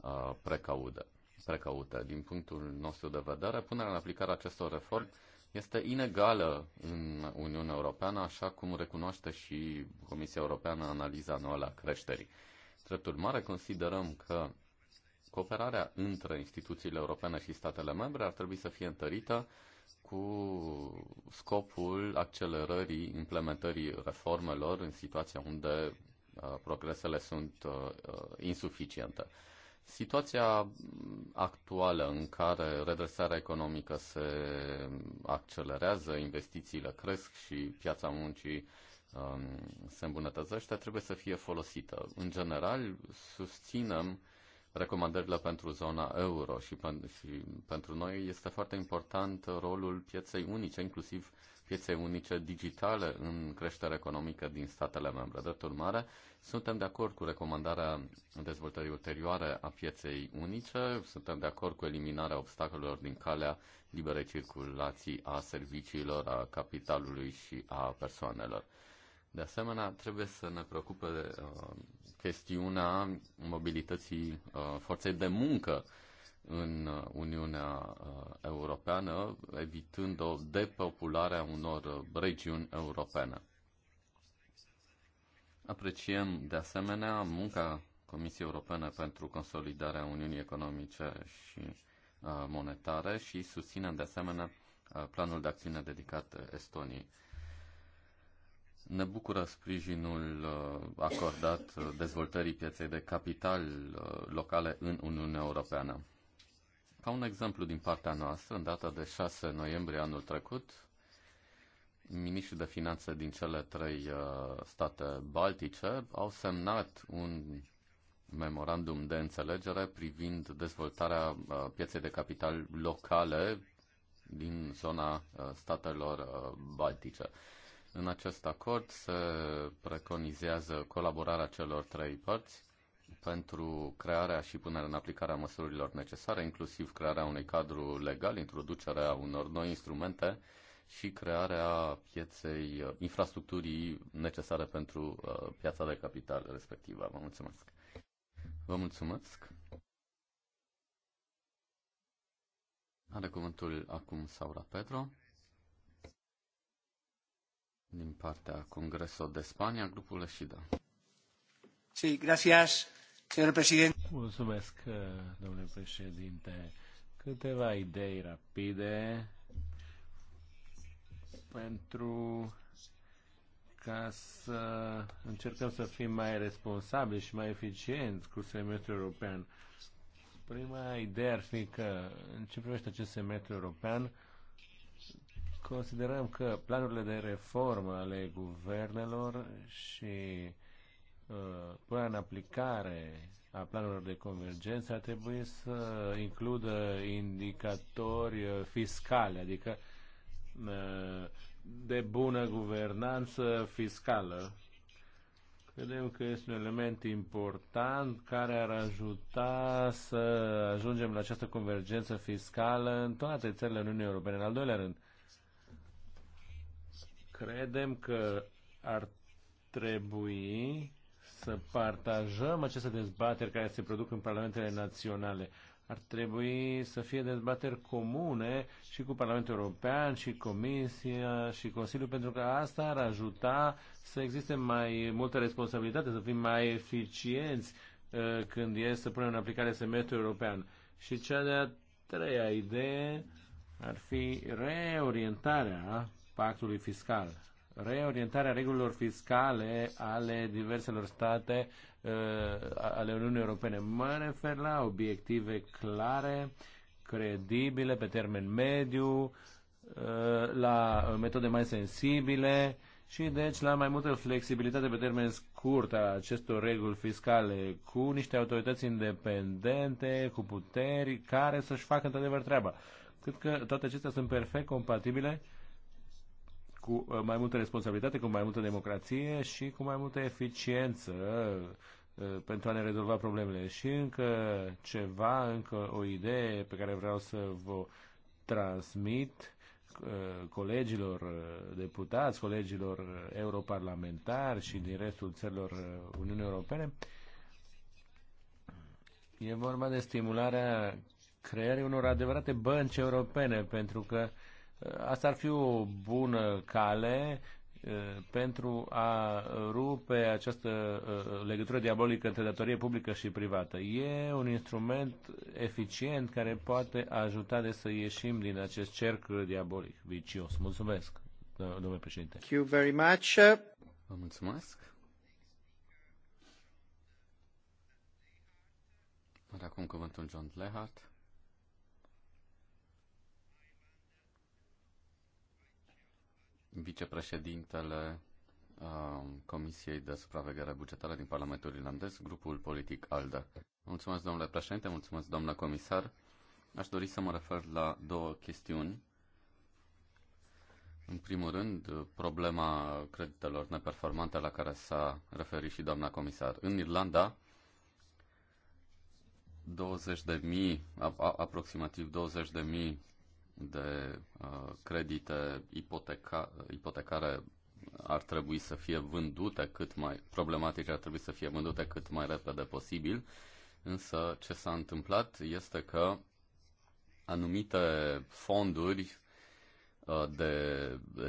S2: uh, precaude, precaute. Din punctul nostru de vedere, punerea în aplicare acestor reforme este inegală în Uniunea Europeană, așa cum recunoaște și Comisia Europeană analiza anuală a creșterii. Drept urmare, considerăm că cooperarea între instituțiile europene și statele membre ar trebui să fie întărită cu scopul accelerării implementării reformelor în situația unde uh, progresele sunt uh, uh, insuficiente. Situația actuală în care redresarea economică se accelerează, investițiile cresc și piața muncii um, se îmbunătățește, trebuie să fie folosită. În general, susținem recomandările pentru zona euro și, pen- și pentru noi este foarte important rolul pieței unice, inclusiv piețe unice digitale în creștere economică din statele membre. Drept urmare, suntem de acord cu recomandarea dezvoltării ulterioare a pieței unice, suntem de acord cu eliminarea obstacolelor din calea liberei circulații a serviciilor, a capitalului și a persoanelor. De asemenea, trebuie să ne preocupe uh, chestiunea mobilității uh, forței de muncă uh, în uh, Uniunea uh, Europeană, evitând o depopulare a unor uh, regiuni europene. Apreciem de asemenea munca Comisiei Europene pentru consolidarea Uniunii Economice și Monetare și susținem de asemenea planul de acțiune dedicat Estoniei. Ne bucură sprijinul acordat dezvoltării pieței de capital locale în Uniunea Europeană. Ca un exemplu din partea noastră, în data de 6 noiembrie anul trecut, ministrii de finanțe din cele trei uh, state baltice au semnat un memorandum de înțelegere privind dezvoltarea uh, pieței de capital locale din zona uh, statelor baltice. În acest acord se preconizează colaborarea celor trei părți pentru crearea și punerea în aplicare a măsurilor necesare, inclusiv crearea unui cadru legal, introducerea unor noi instrumente și crearea pieței, uh, infrastructurii necesare pentru uh, piața de capital respectivă. Vă mulțumesc! Vă mulțumesc! Are cuvântul acum Saura Pedro, din partea Congreso de Spania, grupul Eșida. Sí,
S3: gracias. Mulțumesc, domnule președinte. Câteva idei rapide pentru ca să încercăm să fim mai responsabili și mai eficienți cu semestrul european. Prima idee ar fi că, în ce privește acest semestru european, considerăm că planurile de reformă ale guvernelor și Uh, până în aplicare a planurilor de convergență ar trebui să includă indicatori uh, fiscale, adică uh, de bună guvernanță fiscală. Credem că este un element important care ar ajuta să ajungem la această convergență fiscală în toate țările Uniunii Europene. În al doilea rând, credem că ar trebui să partajăm aceste dezbateri care se produc în parlamentele naționale. Ar trebui să fie dezbateri comune și cu Parlamentul European, și Comisia, și Consiliul, pentru că asta ar ajuta să existe mai multă responsabilitate, să fim mai eficienți uh, când e să punem în aplicare semestrul european. Și cea de-a treia idee ar fi reorientarea pactului fiscal reorientarea regulilor fiscale ale diverselor state uh, ale Uniunii Europene. Mă refer la obiective clare, credibile, pe termen mediu, uh, la metode mai sensibile și deci la mai multă flexibilitate pe termen scurt a acestor reguli fiscale cu niște autorități independente, cu puteri care să-și facă într-adevăr treaba. Cred că toate acestea sunt perfect compatibile uh, cu uh, mai multă responsabilitate, cu mai multă democrație și cu mai multă eficiență uh, pentru a ne rezolva problemele. Și încă ceva, încă o idee pe care vreau să vă transmit uh, colegilor deputați, colegilor europarlamentari și din restul țărilor Uniunii Europene. E vorba de stimularea creării unor adevărate bănci europene, pentru că uh, Asta ar fi o bună cale pentru a rupe această legătură diabolică între datorie publică și privată. E un instrument eficient care poate ajuta de să ieșim din acest cerc diabolic, vicios. Mulțumesc,
S2: domnule președinte.
S1: Thank you very much.
S2: Vă mulțumesc. Dar acum cuvântul John Lehart vicepreședintele uh, Comisiei de Supraveghere Bugetară din Parlamentul Irlandez, grupul politic ALDE. Mulțumesc, domnule președinte, mulțumesc, domnule comisar. Aș dori să mă refer la două chestiuni. În primul rând, problema creditelor neperformante la care s-a referit și doamna comisar. În Irlanda, 20 de mii, aproximativ 20 de mii de uh, credite ipoteca, ipotecare ar trebui să fie vândute cât mai problematice, ar trebui să fie vândute cât mai repede posibil. Însă ce s-a întâmplat este că anumite fonduri uh, de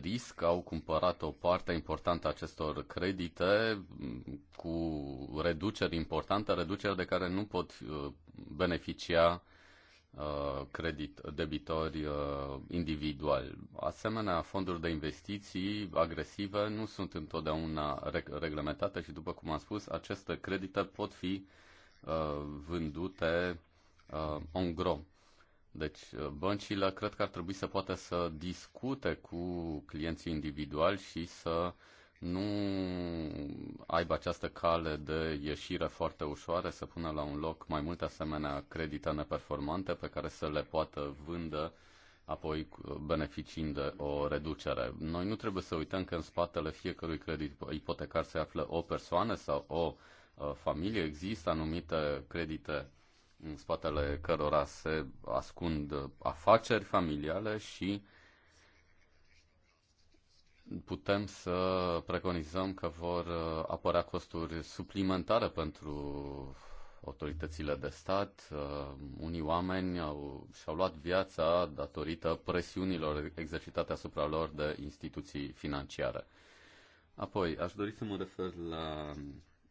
S2: risc au cumpărat o parte importantă a acestor credite mm, cu reduceri importante, reduceri de care nu pot uh, beneficia Uh, credit, debitori uh, individuali. Asemenea, fonduri de investiții agresive nu sunt întotdeauna reglementate și, după cum am spus, aceste credite pot fi uh, vândute on grom. Deci, băncile cred că ar trebui să poată să discute cu clienții individuali și să uh, nu aibă această cale de ieșire foarte ușoară, să pună la un loc mai multe asemenea credite neperformante pe care să le poată vândă apoi beneficiind de o reducere. Noi nu trebuie să uităm că în spatele fiecărui credit ipotecar se află o persoană sau o uh, familie. Există anumite credite în spatele cărora se ascund uh, afaceri familiale și uh, putem să preconizăm că vor uh, apărea costuri suplimentare pentru autoritățile de stat. Uh, unii oameni au, și-au luat viața datorită presiunilor exercitate asupra lor de instituții financiare. Apoi, aș dori să mă refer la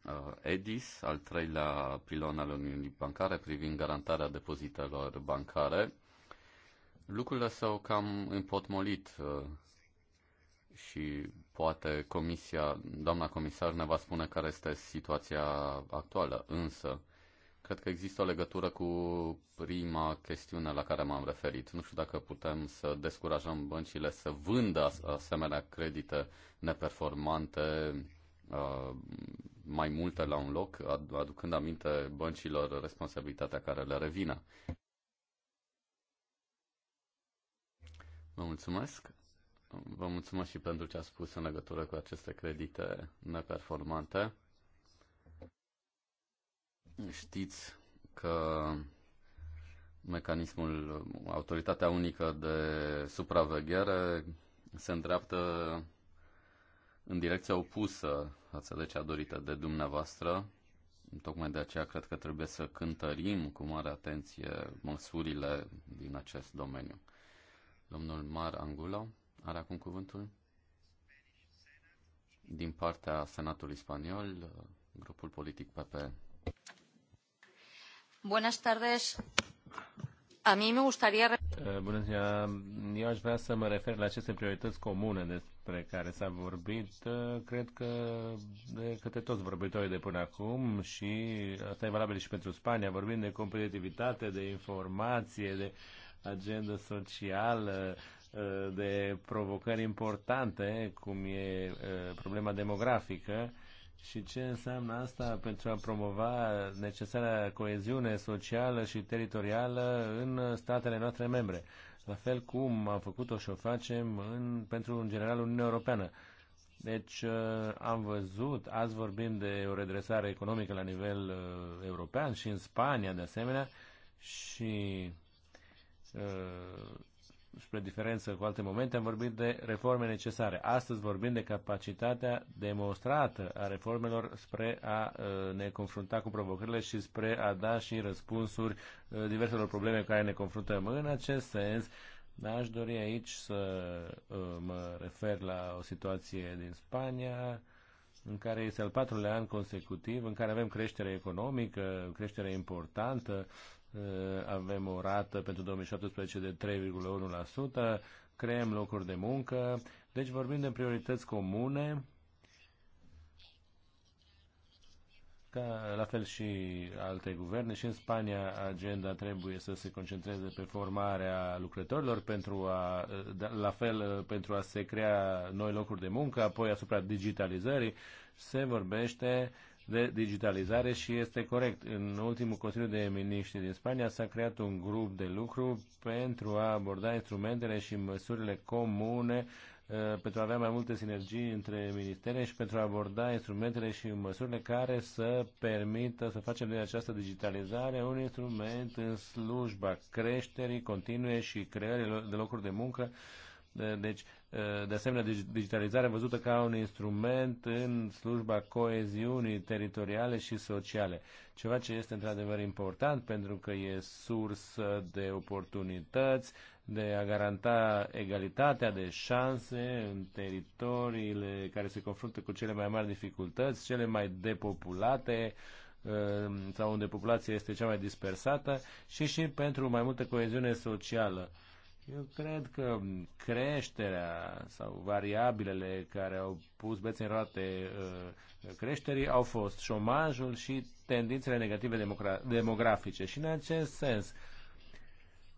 S2: uh, EDIS, al treilea pilon al Uniunii Bancare, privind garantarea depozitelor bancare. Lucrurile s-au cam împotmolit uh, și poate comisia, doamna comisar ne va spune care este situația actuală, însă cred că există o legătură cu prima chestiune la care m-am referit. Nu știu dacă putem să descurajăm băncile să vândă asemenea credite neperformante uh, mai multe la un loc, aducând aminte băncilor responsabilitatea care le revine. Vă mulțumesc. Vă mulțumesc și pentru ce a spus în legătură cu aceste credite neperformante. Știți că mecanismul, autoritatea unică de supraveghere se îndreaptă în direcția opusă față de cea dorită de dumneavoastră. Tocmai de aceea cred că trebuie să cântărim cu mare atenție măsurile din acest domeniu. Domnul Mar Angulo. Are acum cuvântul? Din partea Senatului Spaniol, grupul politic PP.
S1: Buenas tardes. A mí me gustaría...
S3: Eh, bună ziua! Eu aș vrea să mă refer la aceste priorități comune despre care s-a vorbit, eh, cred că de câte toți vorbitorii de până acum și asta e valabil și pentru Spania. Vorbim de competitivitate, de informație, de agendă socială, de provocări importante, cum e problema demografică, și ce înseamnă asta pentru a promova necesarea coeziune socială și teritorială în statele noastre membre. La fel cum am făcut-o și o facem în, pentru, în general, Uniunea Europeană. Deci am văzut, azi vorbim de o redresare economică la nivel uh, european și în Spania de asemenea și spre diferență cu alte momente, am vorbit de reforme necesare. Astăzi vorbim de capacitatea demonstrată a reformelor spre a uh, ne confrunta cu provocările și spre a da și răspunsuri uh, diverselor probleme care ne confruntăm. În acest sens, aș dori aici să uh, mă refer la o situație din Spania, în care este al patrulea an consecutiv, în care avem creștere economică, creștere importantă, Eh, avem o rată pentru 2017 de 3,1%, creăm locuri de muncă, deci vorbim de priorități comune, ca la fel și alte guverne. Și în Spania agenda trebuie să se concentreze pe formarea lucrătorilor, pentru a, da, la fel pentru a se crea noi locuri de muncă, apoi asupra digitalizării. Se vorbește de digitalizare și este corect. În ultimul Consiliu de Miniștri din Spania s-a creat un grup de lucru pentru a aborda instrumentele și măsurile comune uh, pentru a avea mai multe sinergii între ministere și pentru a aborda instrumentele și măsurile care să permită să facem din această digitalizare un instrument în slujba creșterii continue și creării de locuri de muncă deci, ă, de asemenea, digitalizarea văzută ca un instrument în slujba coeziunii teritoriale și sociale. Ceva ce este într-adevăr important pentru că e sursă de oportunități, de a garanta egalitatea de șanse în teritoriile care se confruntă cu cele mai mari dificultăți, cele mai depopulate, ă, sau unde populația este cea mai dispersată și și pentru mai multă coeziune socială eu cred că creșterea sau variabilele care au pus bețe în roate uh, creșterii au fost șomajul și tendințele negative demografice. Și în acest sens,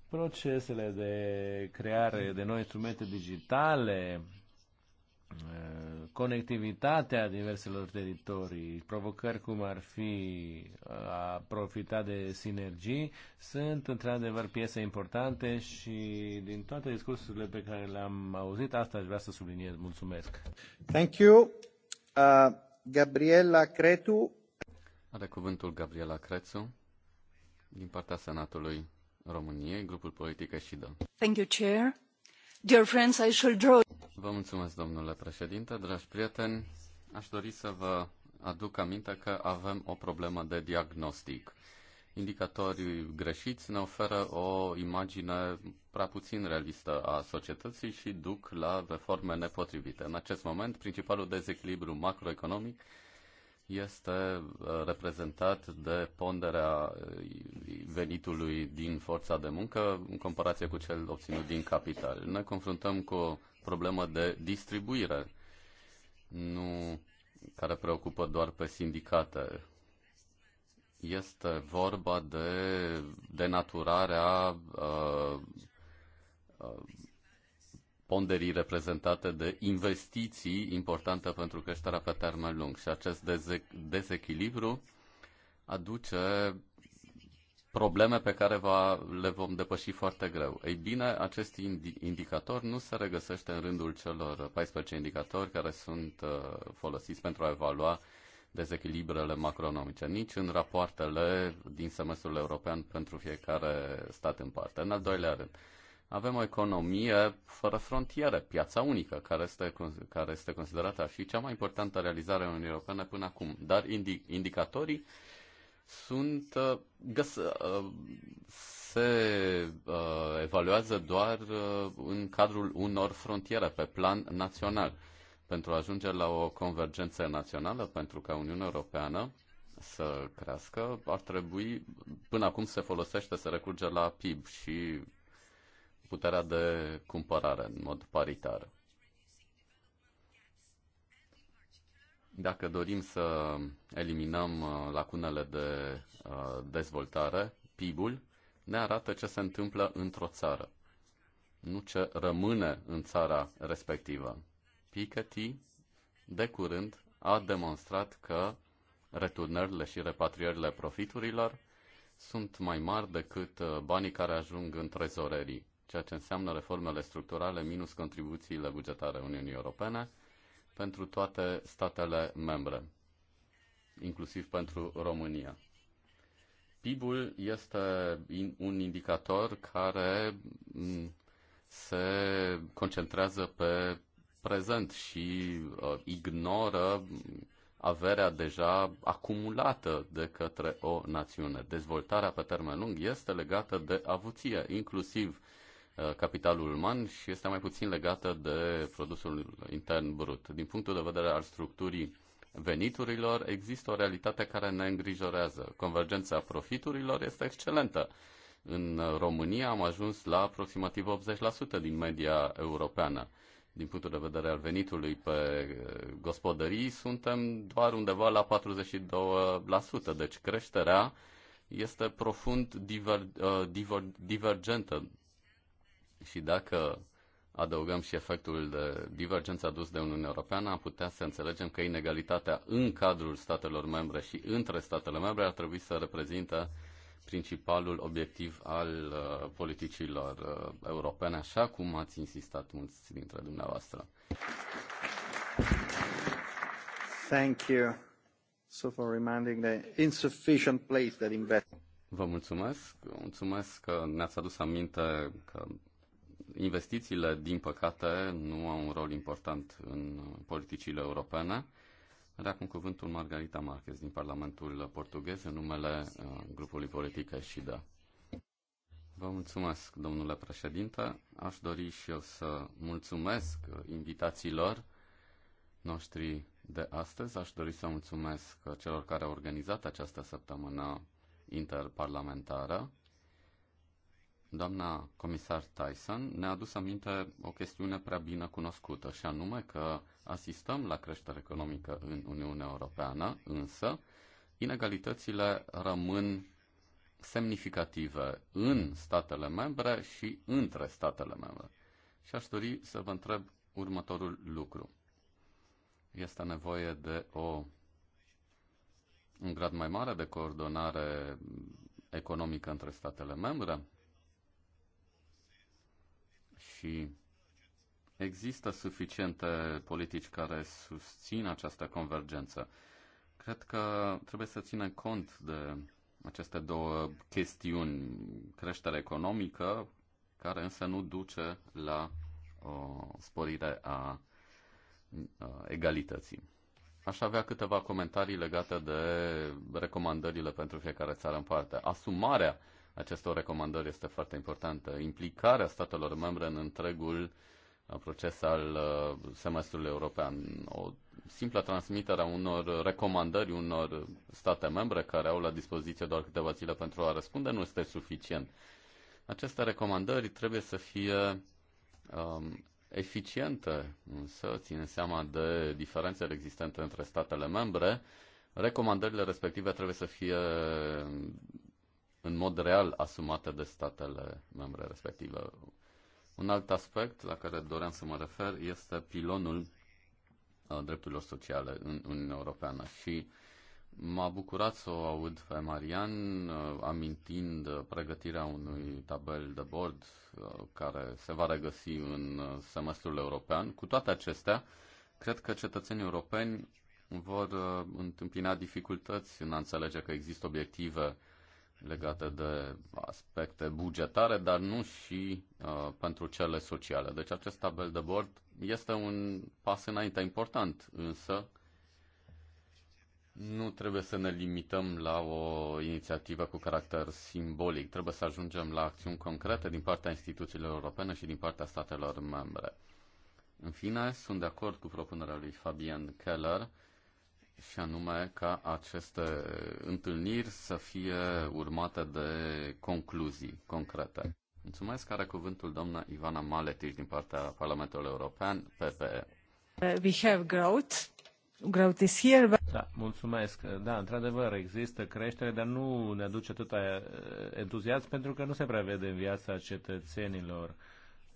S3: procesele de creare de noi instrumente digitale, conectivitatea diverselor teritorii, provocări cum ar fi uh, a profita de sinergii, sunt într-adevăr piese importante și din toate discursurile pe care le-am auzit, asta aș vrea să subliniez.
S2: Mulțumesc!
S1: Thank you! Uh, Gabriela Cretu.
S2: Are cuvântul Gabriela Crețu din partea Senatului României, grupul politic și
S1: Thank you, Chair. Dear friends, I shall draw
S2: Vă mulțumesc, domnule președinte, dragi prieteni. Aș dori să vă aduc aminte că avem o problemă de diagnostic. Indicatorii greșiți ne oferă o imagine prea puțin realistă a societății și duc la reforme nepotrivite. În acest moment, principalul dezechilibru macroeconomic este uh, reprezentat de ponderea uh, venitului din forța de muncă în comparație cu cel obținut din capital. Ne confruntăm cu problemă de distribuire, nu care preocupă doar pe sindicate. Este vorba de denaturarea uh, uh ponderii reprezentate de investiții importante pentru creșterea pe termen lung. Și acest dezechilibru aduce probleme pe care va, le vom depăși foarte greu. Ei bine, acest indi- indicator nu se regăsește în rândul celor 14 indicatori care sunt uh, folosiți pentru a evalua dezechilibrele macroeconomice, nici în rapoartele din semestrul european pentru fiecare stat în parte. În al doilea rând, avem o economie fără frontiere, piața unică, care este, care este considerată a fi cea mai importantă realizare a Uniunii Europene până acum. Dar indi- indicatorii sunt uh, găs- uh, se uh, evaluează doar în cadrul unor frontiere pe plan național. Pentru a ajunge la o convergență națională, pentru ca Uniunea Europeană să crească, ar trebui, până acum se folosește, să recurge la PIB și puterea de cumpărare în mod paritar. Dacă dorim să eliminăm uh, lacunele de uh, dezvoltare, PIB-ul ne arată ce se întâmplă într-o țară, nu ce rămâne în țara respectivă. Piketty, de curând, a demonstrat că returnările și repatriările profiturilor sunt mai mari decât uh, banii care ajung în trezorerii, ceea ce înseamnă reformele structurale minus contribuțiile bugetare Uniunii Europene, pentru toate statele membre, inclusiv pentru România. PIB-ul este un indicator care se concentrează pe prezent și uh, ignoră averea deja acumulată de către o națiune. Dezvoltarea pe termen lung este legată de avuție, inclusiv uh, Uh, capitalul uman și este mai puțin legată de produsul intern brut. Din punctul de vedere al structurii veniturilor, există o realitate care ne îngrijorează. Convergența profiturilor este excelentă. În România am ajuns la aproximativ 80% din media europeană. Din punctul de vedere al venitului pe uh, gospodării, suntem doar undeva la 42%, deci creșterea este profund diver, uh, diver, divergentă și dacă adăugăm și efectul de divergență adus de Uniunea Europeană, am putea să înțelegem că inegalitatea în cadrul statelor membre și între statele membre ar trebui să reprezintă principalul obiectiv al uh, politicilor uh, europene, așa cum ați insistat mulți dintre dumneavoastră.
S1: Thank you. So for reminding the insufficient place that invest.
S2: Vă mulțumesc. Mulțumesc că ne-ați adus aminte că Investițiile, din păcate, nu au un rol important în politicile europene. Are cu cuvântul Margarita Marquez din Parlamentul portughez în numele uh, grupului politic Eșida. Vă mulțumesc, domnule președinte. Aș dori și eu să mulțumesc invitațiilor noștri de astăzi. Aș dori să mulțumesc celor care au organizat această săptămână interparlamentară. Doamna comisar Tyson ne-a adus aminte o chestiune prea bine cunoscută, și anume că asistăm la creștere economică în Uniunea Europeană, însă inegalitățile rămân semnificative în statele membre și între statele membre. Și aș dori să vă întreb următorul lucru. Este nevoie de o, un grad mai mare de coordonare economică între statele membre? și există suficiente politici care susțin această convergență. Cred că trebuie să ținem cont de aceste două chestiuni, creștere economică, care însă nu duce la o sporire a egalității. Aș avea câteva comentarii legate de recomandările pentru fiecare țară în parte. Asumarea uh, acestor recomandări este foarte importantă. Implicarea statelor membre în întregul uh, proces al uh, semestrului european. O simplă transmitere a unor recomandări unor state membre care au la dispoziție doar câteva zile pentru a răspunde nu este suficient. Aceste recomandări trebuie să fie um, eficiente, însă ține seama de diferențele existente între statele membre. Recomandările respective trebuie să fie în mod real asumate de statele membre respective. Un alt aspect la care doream să mă refer este pilonul uh, drepturilor sociale în Uniunea Europeană și m-a bucurat să o aud pe Marian uh, amintind pregătirea unui tabel de bord uh, care se va regăsi în semestrul european. Cu toate acestea, cred că cetățenii europeni vor întâmpina dificultăți în a înțelege că există obiective legate de aspecte bugetare, dar nu și uh, pentru cele sociale. Deci acest tabel de bord este un pas înainte important, însă nu trebuie să ne limităm la o inițiativă cu caracter simbolic. Trebuie să ajungem la acțiuni concrete din partea instituțiilor europene și din partea statelor membre. În fine, sunt de acord cu propunerea lui Fabian Keller și anume ca aceste întâlniri să fie urmate de concluzii concrete. Mulțumesc, care cuvântul doamna Ivana Maletiș din partea Parlamentului European, PPE.
S1: Uh, we have growth. Growth is here. But...
S3: Da, mulțumesc. Da, într-adevăr, există creștere, dar nu ne aduce atâta uh, entuziasm pentru că nu se prevede în viața cetățenilor. Uh,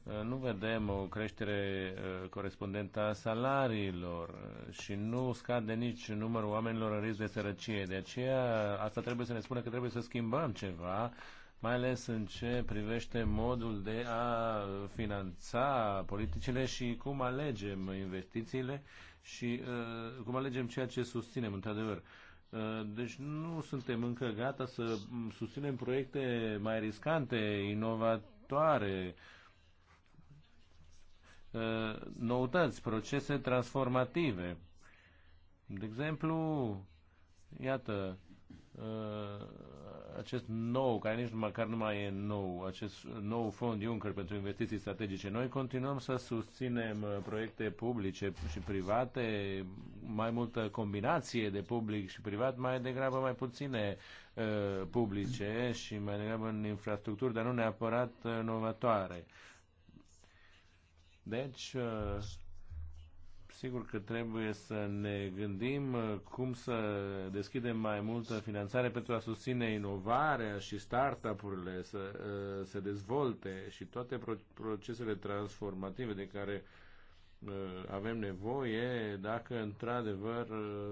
S3: Uh, nu vedem o creștere uh, corespondentă a salariilor uh, și nu scade nici numărul oamenilor în risc de sărăcie. De aceea, asta trebuie să ne spună că trebuie să schimbăm ceva, mai ales în ce privește modul de a finanța politicile și cum alegem investițiile și cum alegem ceea ce susținem, într-adevăr. Deci nu suntem încă gata să susținem proiecte mai riscante, inovatoare, Uh, noutăți, procese transformative. De exemplu, iată, uh, acest nou, care nici măcar nu mai e nou, acest nou fond Juncker pentru investiții strategice. Noi continuăm să susținem uh, proiecte publice și private, mai multă combinație de public și privat, mai degrabă mai puține uh, publice și mai degrabă în infrastructuri, dar nu neapărat inovatoare. Uh, deci, uh, sigur că trebuie să ne gândim uh, cum să deschidem mai multă finanțare pentru a susține inovarea și startup-urile să uh, se dezvolte și toate procesele transformative de care avem nevoie dacă într-adevăr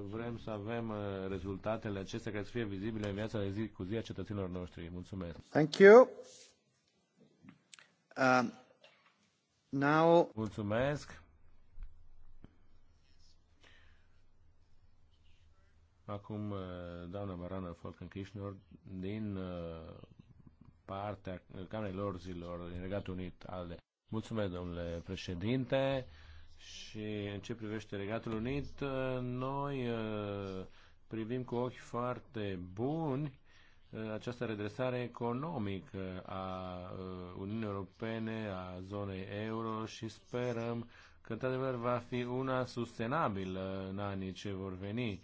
S3: vrem să avem rezultatele acestea care să fie vizibile în viața de zi cu zi a cetățenilor noștri. Mulțumesc!
S1: Thank you!
S3: Uh... Now... Mulțumesc. Acum, uh, doamna marana Falcon Kishnor, din uh, partea Camerei Zilor din Regatul Unit ale. Mulțumesc, domnule președinte. Și în ce privește Regatul Unit, uh, noi privim cu ochi foarte buni Uh, această redresare economică a uh, Uniunii Europene, a zonei euro și sperăm că într-adevăr va fi una sustenabilă în anii ce vor veni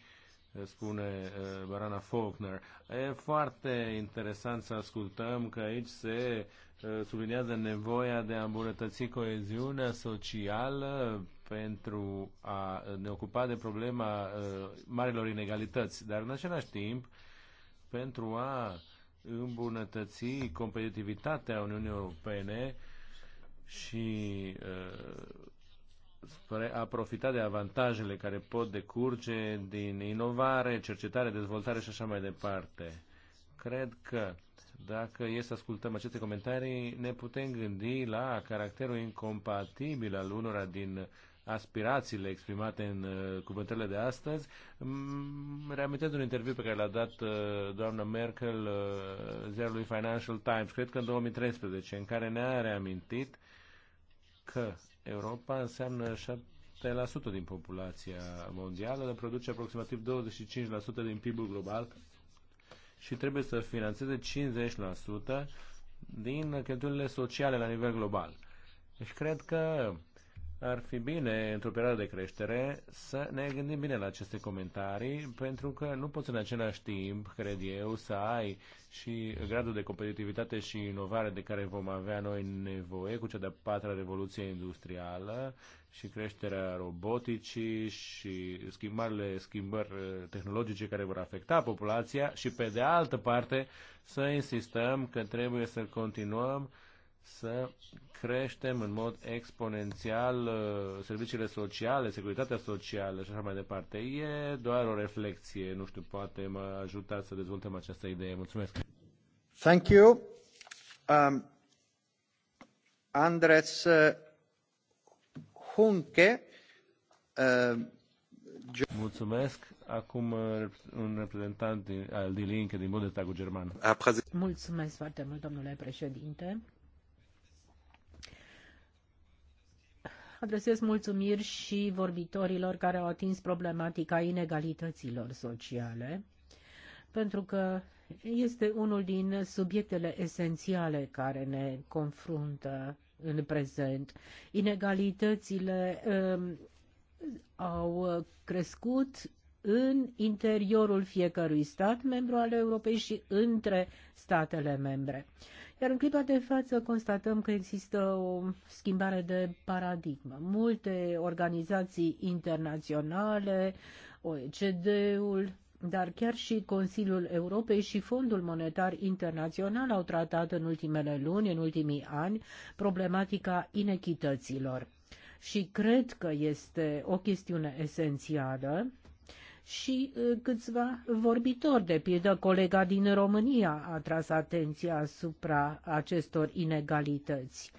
S3: uh, spune Barana Faulkner. E foarte interesant să ascultăm că aici se subliniază nevoia de a îmbunătăți coeziunea socială pentru a ne ocupa de problema marilor inegalități. Dar în același timp, pentru a îmbunătăți competitivitatea Uniunii Europene și uh, spre a profita de avantajele care pot decurge din inovare, cercetare, dezvoltare și așa mai departe. Cred că dacă e să ascultăm aceste comentarii, ne putem gândi la caracterul incompatibil al unora din aspirațiile exprimate în uh, cuvântele de astăzi. Mm, reamintesc un interviu pe care l-a dat uh, doamna Merkel uh, ziarului Financial Times, cred că în 2013, în care ne-a reamintit că Europa înseamnă 7% din populația mondială, dar produce aproximativ 25% din PIB-ul global și trebuie să financeze 50% din cheltuielile sociale la nivel global. Deci cred că ar fi bine, într-o perioadă de creștere, să ne gândim bine la aceste comentarii, pentru că nu poți în același timp, cred eu, să ai și gradul de competitivitate și inovare de care vom avea noi nevoie cu cea de-a patra revoluție industrială și creșterea roboticii și schimbările, schimbări uh, tehnologice care vor afecta populația și, pe de altă parte, să insistăm că trebuie să continuăm să creștem în mod exponențial uh, serviciile sociale, securitatea socială și așa mai departe. E doar o reflexie, nu știu, poate mă ajuta să dezvoltăm această idee. Mulțumesc!
S1: Thank you. Um, Andres uh, Hunke.
S3: Uh, Mulțumesc. Acum uh, un reprezentant din, al din Linke, din Bundestagul German.
S1: Mulțumesc foarte mult, domnule președinte. Adresez mulțumiri și vorbitorilor care au atins problematica inegalităților sociale, pentru că este unul din subiectele esențiale care ne confruntă în prezent. Inegalitățile um, au crescut în interiorul fiecărui stat membru al Europei și între statele membre. Iar în clipa de față constatăm că există o schimbare de paradigmă. Multe organizații internaționale, OECD-ul, dar chiar și Consiliul Europei și Fondul Monetar Internațional au tratat în ultimele luni, în ultimii ani, problematica inechităților. Și cred că este o chestiune esențială și câțiva vorbitori, de pildă colega din România a tras atenția asupra acestor inegalități.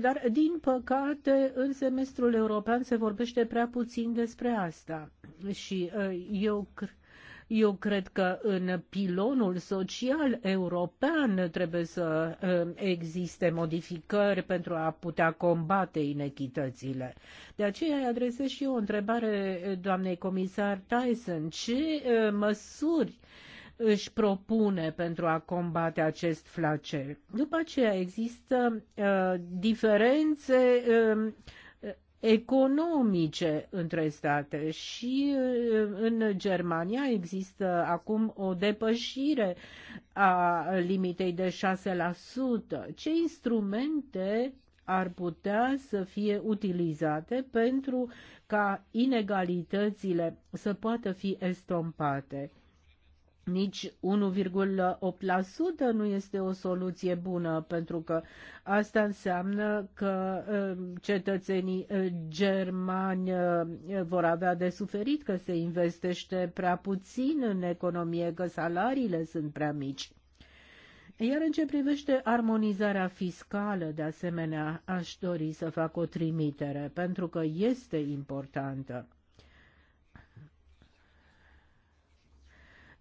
S1: Dar, din păcate, în semestrul european se vorbește prea puțin despre asta. Și eu cred eu cred că în pilonul social european trebuie să eh, existe modificări pentru a putea combate inechitățile. De aceea îi adresez și eu o întrebare eh, doamnei comisar Tyson. Ce eh, măsuri își propune pentru a combate acest flacel. După aceea există uh, diferențe uh, economice între state și uh, în Germania există acum o depășire a limitei de 6%. Ce instrumente ar putea să fie utilizate pentru ca inegalitățile să poată fi estompate? nici 1,8% nu este o soluție bună, pentru că asta înseamnă că uh, cetățenii uh, germani uh, vor avea de suferit, că se investește prea puțin în economie, că salariile sunt prea mici. Iar în ce privește armonizarea fiscală, de asemenea, aș dori să fac o trimitere, pentru că este importantă.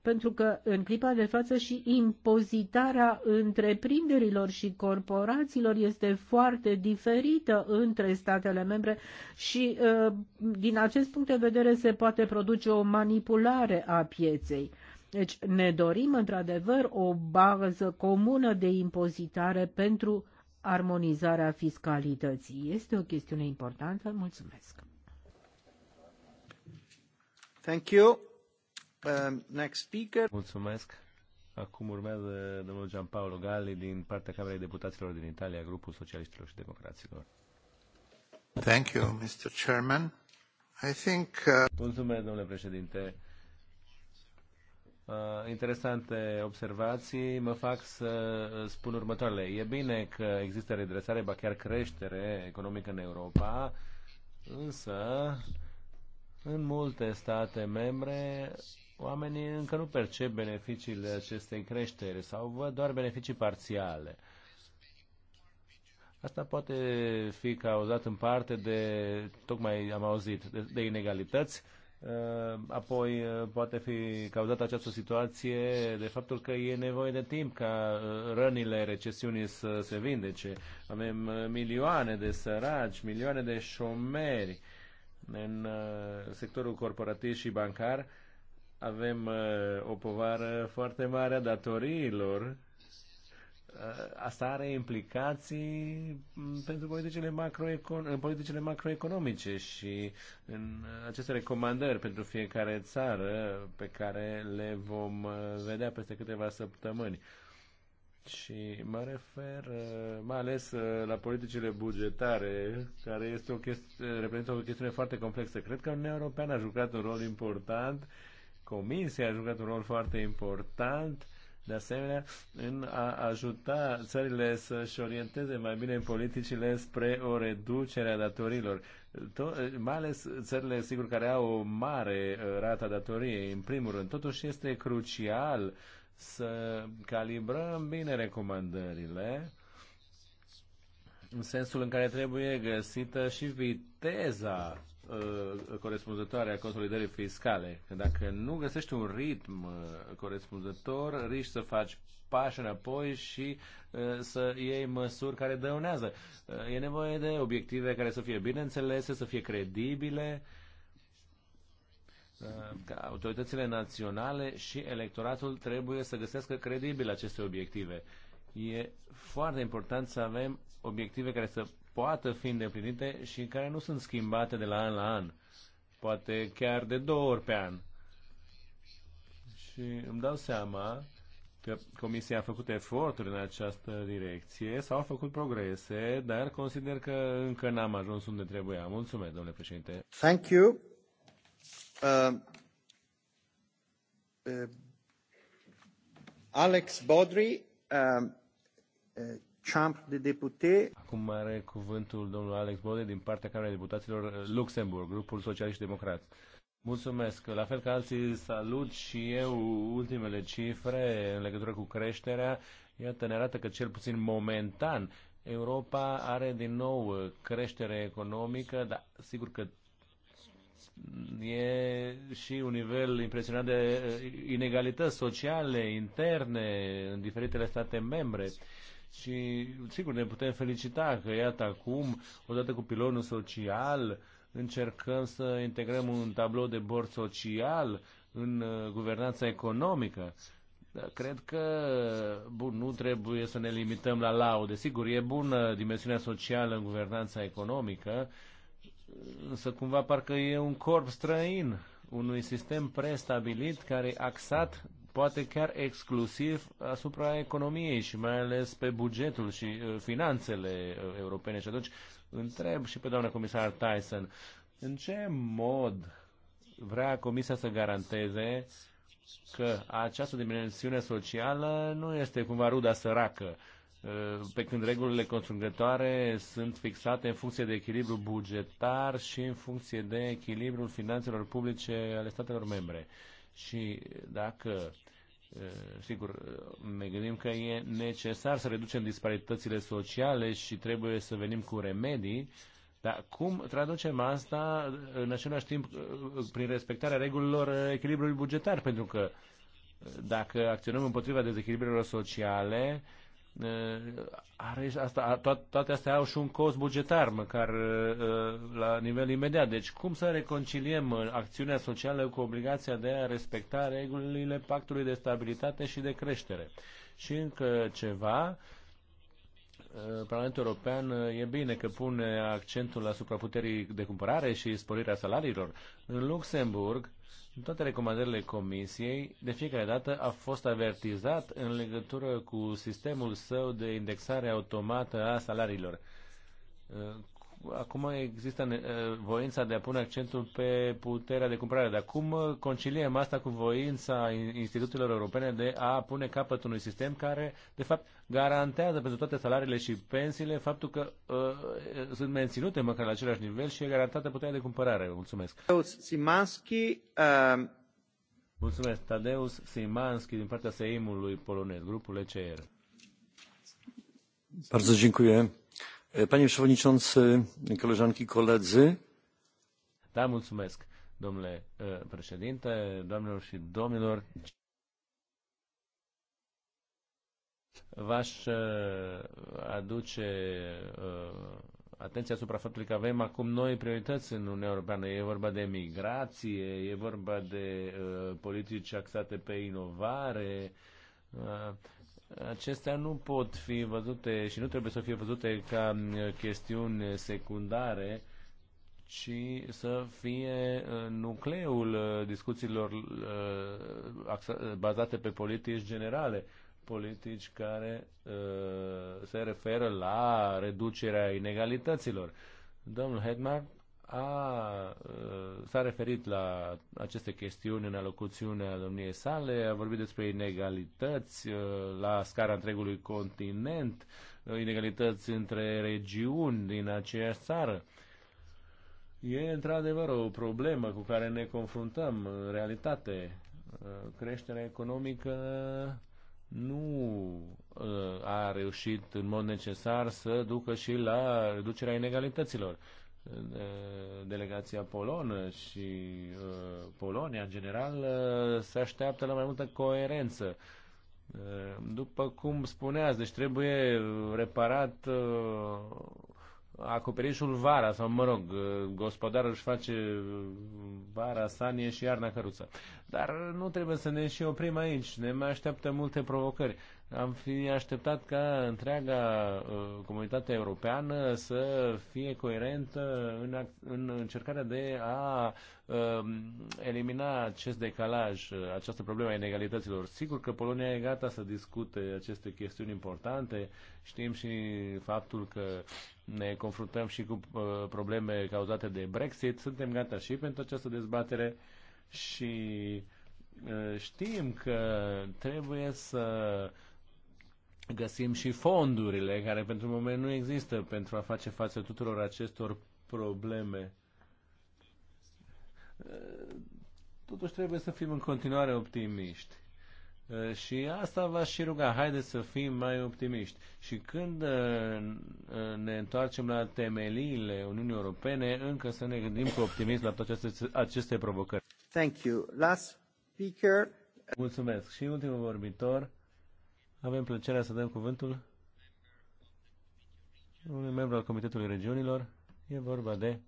S1: pentru că în clipa de față și impozitarea întreprinderilor și corporațiilor este foarte diferită între statele membre și uh, din acest punct de vedere se poate produce o manipulare a pieței. Deci ne dorim într-adevăr o bază comună de impozitare pentru armonizarea fiscalității. Este o chestiune importantă. Mulțumesc. Thank you. Um, next speaker. Mulțumesc.
S3: Acum urmează domnul Gianpaolo Galli din partea Camerei Deputaților din Italia, grupul socialiștilor și democraților.
S1: Thank you, Mr. Chairman.
S3: I think, uh... Mulțumesc, domnule președinte. Uh, interesante observații mă fac să uh, spun următoarele. E bine că există redresare, ba chiar creștere economică în Europa, însă în multe state membre oamenii încă nu percep beneficiile acestei creșteri sau văd doar beneficii parțiale. Asta poate fi cauzat în parte de, tocmai am auzit, de, de inegalități, uh, apoi uh, poate fi cauzată această situație de faptul că e nevoie de timp ca uh, rănile recesiunii să se vindece. Avem milioane de săraci, milioane de șomeri în sectorul corporativ și bancar avem uh, o povară foarte mare a datoriilor. Uh, asta are implicații mm, pentru politicile, macroecon- politicile macroeconomice și în aceste recomandări pentru fiecare țară pe care le vom uh, vedea peste câteva săptămâni. Și mă refer uh, mai ales uh, la politicile bugetare, care este o chestie reprezintă o chestiune foarte complexă. Cred că Uniunea Europeană a jucat un rol important uh, Comisia a jucat un rol foarte important de asemenea, în a ajuta țările să-și orienteze mai bine politicile spre o reducere a datorilor. To- mai ales țările, sigur, care au o mare uh, rată a datoriei, în primul rând. Totuși este crucial să calibrăm bine recomandările în sensul în care trebuie găsită și viteza Uh, corespunzătoare a consolidării fiscale. Că dacă nu găsești un ritm uh, corespunzător, riști să faci pași înapoi și uh, să iei măsuri care dăunează. e nevoie de obiective care să fie bineînțelese, să fie credibile, Ca autoritățile naționale și electoratul trebuie să găsească credibile aceste obiective. E foarte important să avem obiective care să poată fi îndeplinite și care nu sunt schimbate de la an la an, poate chiar de două ori pe an. Și îmi dau seama că Comisia a făcut eforturi în această direcție, s-au făcut progrese, dar consider că încă n-am ajuns unde trebuia. Mulțumesc, domnule președinte.
S1: Thank you. Uh, uh, Alex Bodri, uh, uh, Champ de deputé.
S3: Acum are cuvântul domnul Alex Bode din partea Camerei Deputaților eh, Luxemburg, grupul socialist și democrat. Mulțumesc. La fel ca alții, salut și eu ultimele cifre în legătură cu creșterea. Iată, ne arată că cel puțin momentan Europa are din nou eh, creștere economică, dar sigur că e și un nivel impresionant de eh, inegalități sociale, interne, în diferitele state membre. Și, sigur, ne putem felicita că, iată, acum, odată cu pilonul social, încercăm să integrăm un tablou de bord social în uh, guvernanța economică. Da, cred că, bun, nu trebuie să ne limităm la laude. Sigur, e bună dimensiunea socială în guvernanța economică, însă cumva parcă e un corp străin unui sistem prestabilit care e axat poate chiar exclusiv asupra economiei și mai ales pe bugetul și uh, finanțele uh, europene. Și atunci întreb și pe doamna comisar Tyson, în ce mod vrea Comisia să garanteze că această dimensiune socială nu este cumva ruda săracă, uh, pe când regulile constrângătoare sunt fixate în funcție de echilibru bugetar și în funcție de echilibrul finanțelor publice ale statelor membre. Și dacă sigur, ne gândim că e necesar să reducem disparitățile sociale și trebuie să venim cu remedii, dar cum traducem asta în același timp prin respectarea regulilor echilibrului bugetar? Pentru că dacă acționăm împotriva dezechilibrelor sociale, Eh, are asta, toate astea au și un cost bugetar, măcar eh, la nivel imediat. Deci cum să reconciliem eh, acțiunea socială cu obligația de a respecta regulile pactului de stabilitate și de creștere? Și încă ceva, Parlamentul European e bine că pune accentul asupra puterii de cumpărare și sporirea salariilor. În Luxemburg, în toate recomandările Comisiei, de fiecare dată a fost avertizat în legătură cu sistemul său de indexare automată a salariilor acum există voința de a pune accentul pe puterea de cumpărare, dar cum conciliem asta cu voința instituțiilor europene de a pune capăt unui sistem care, de fapt, garantează pentru toate salariile și pensiile faptul că uh, sunt menținute măcar la același nivel și e garantată puterea de cumpărare. Mulțumesc. Simanski, uh... Mulțumesc. Tadeus Simanski din partea Seimului polonez, grupul ECR. Bardzo dziękuję. Da, mulțumesc, domnule președinte, doamnelor și domnilor. V-aș aduce atenția asupra faptului că avem acum noi priorități în Uniunea Europeană. E vorba de migrație, e vorba de uh, politici axate pe inovare, uh, acestea nu pot fi văzute și nu trebuie să fie văzute ca uh, chestiuni secundare, ci să fie uh, nucleul uh, discuțiilor bazate pe politici generale, politici care se referă la reducerea inegalităților. Domnul Hedmark a, s-a referit la aceste chestiuni în alocuțiunea domniei sale, a vorbit despre inegalități la scara întregului continent, inegalități între regiuni din aceeași țară. E într-adevăr o problemă cu care ne confruntăm în realitate. Creșterea economică nu a reușit în mod necesar să ducă și la reducerea inegalităților delegația polonă și uh, Polonia în general uh, se așteaptă la mai multă coerență. Uh, după cum spuneați, deci trebuie reparat acoperișul vara sau, mă rog, gospodarul își face vara, sanie și iarna căruță. Dar nu trebuie să ne și oprim aici. Ne mai așteaptă multe provocări am fi așteptat ca întreaga uh, comunitate europeană să fie coerentă în, în încercarea de a uh, elimina acest decalaj, uh, această problemă a inegalităților. Sigur că Polonia e gata să discute aceste chestiuni importante. Știm și faptul că ne confruntăm și cu uh, probleme cauzate de Brexit. Suntem gata și pentru această dezbatere și uh, știm că trebuie să găsim și fondurile care pentru moment nu există pentru a face față tuturor acestor probleme. Totuși trebuie să fim în continuare optimiști. Și asta va și ruga, haideți să fim mai optimiști. Și când uh, uh, ne întoarcem la temeliile Uniunii Europene, încă să ne gândim cu optimism la toate aceste, aceste provocări. Thank you. Last speaker. Mulțumesc. Și ultimul vorbitor, avem plăcerea să dăm cuvântul unui membru al Comitetului Regiunilor. E vorba de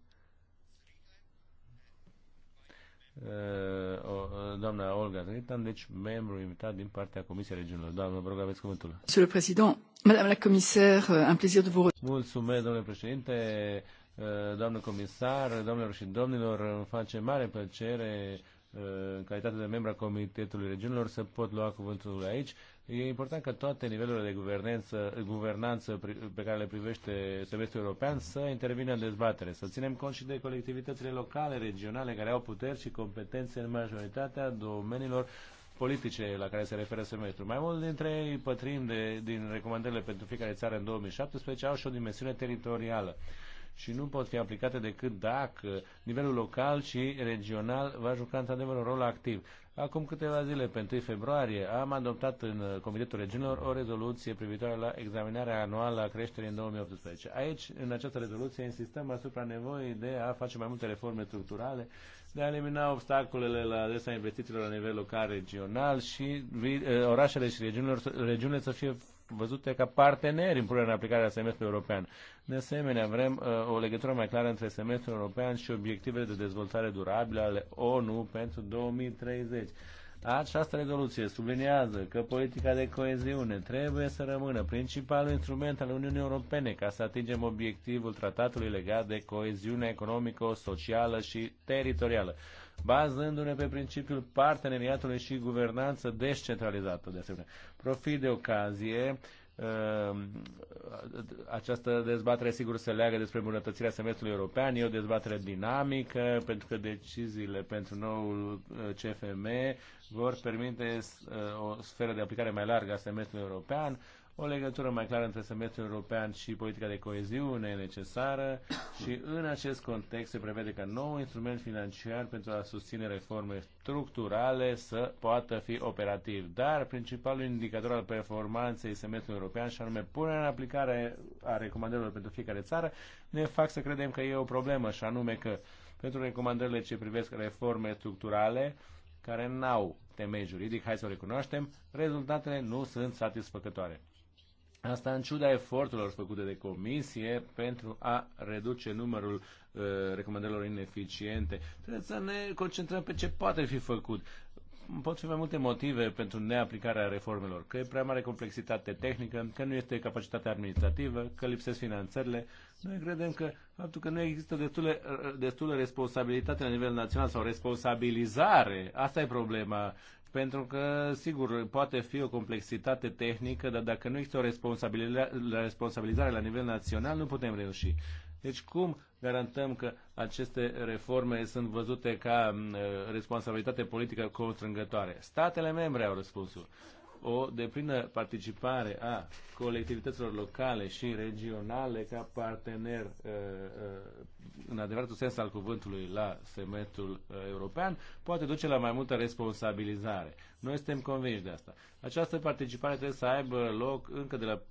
S3: uh, doamna Olga Dritan, deci membru invitat din partea Comisiei Regiunilor. Doamnă, vă rog, aveți cuvântul.
S1: Monsieur le Président, Madame la Commissaire, euh, un plaisir de vous...
S3: Mulțumesc, domnule președinte, uh, doamnă comisar, domnilor și domnilor, îmi face mare plăcere Uh, în calitate de membru a Comitetului Regiunilor să pot lua cuvântul aici. E important că toate nivelurile de guvernanță, guvernanță pe care le privește semestrul european să intervină în dezbatere, să ținem cont și de colectivitățile locale, regionale, care au puteri și competențe în majoritatea domeniilor politice la care se referă semestrul. Mai mult dintre ei pătrim de, din recomandările pentru fiecare țară în 2017 au și o dimensiune teritorială și nu pot fi aplicate decât dacă nivelul local și regional va juca într-adevăr un rol activ. Acum câteva zile, pe 1 februarie, am adoptat în Comitetul Regiunilor o rezoluție privitoare la examinarea anuală a creșterii în 2018. Aici, în această rezoluție, insistăm asupra nevoii de a face mai multe reforme structurale, de a elimina obstacolele la adresa investițiilor la nivel local, regional și eh, orașele și regiunile să fie văzute ca parteneri în punerea în aplicare a semestrului european. De asemenea, vrem uh, o legătură mai clară între semestrul european și obiectivele de dezvoltare durabilă ale ONU pentru 2030. Această rezoluție subliniază că politica de coeziune trebuie să rămână principalul instrument al Uniunii Europene ca să atingem obiectivul tratatului legat de coeziune economică, socială și teritorială bazându-ne pe principiul parteneriatului și guvernanță descentralizată, de asemenea. Profit de ocazie, um, această dezbatere sigur se leagă despre îmbunătățirea semestrului european, e o dezbatere dinamică pentru că deciziile pentru noul uh, CFM vor permite uh, o sferă de aplicare mai largă a semestrului european o legătură mai clară între semestrul european și politica de coeziune necesară și în acest context se prevede ca nou instrument financiar pentru a susține reforme structurale să poată fi operativ. Dar principalul indicator al performanței semestrului european și anume punerea în aplicare a recomandărilor pentru fiecare țară ne fac să credem că e o problemă și anume că pentru recomandările ce privesc reforme structurale, care n-au temei juridic, hai să o recunoaștem, rezultatele nu sunt satisfăcătoare. Asta în ciuda eforturilor făcute de comisie pentru a reduce numărul uh, recomandărilor ineficiente. Trebuie să ne concentrăm pe ce poate fi făcut. Pot fi mai multe motive pentru neaplicarea reformelor. Că e prea mare complexitate tehnică, că nu este capacitatea administrativă, că lipsesc finanțările. Noi credem că faptul că nu există destule, uh, destule responsabilitate la nivel național sau responsabilizare, asta e problema pentru că, sigur, poate fi o complexitate tehnică, dar dacă nu există o responsabilizare la nivel național, nu putem reuși. Deci cum garantăm că aceste reforme sunt văzute ca mm, responsabilitate politică constrângătoare? Statele membre au răspunsul o deplină participare a colectivităților locale și regionale ca partener uh, uh, în adevăratul sens al cuvântului la semestrul uh, european poate duce la mai multă responsabilizare. Noi suntem convinși de asta. Această participare trebuie să aibă loc încă de la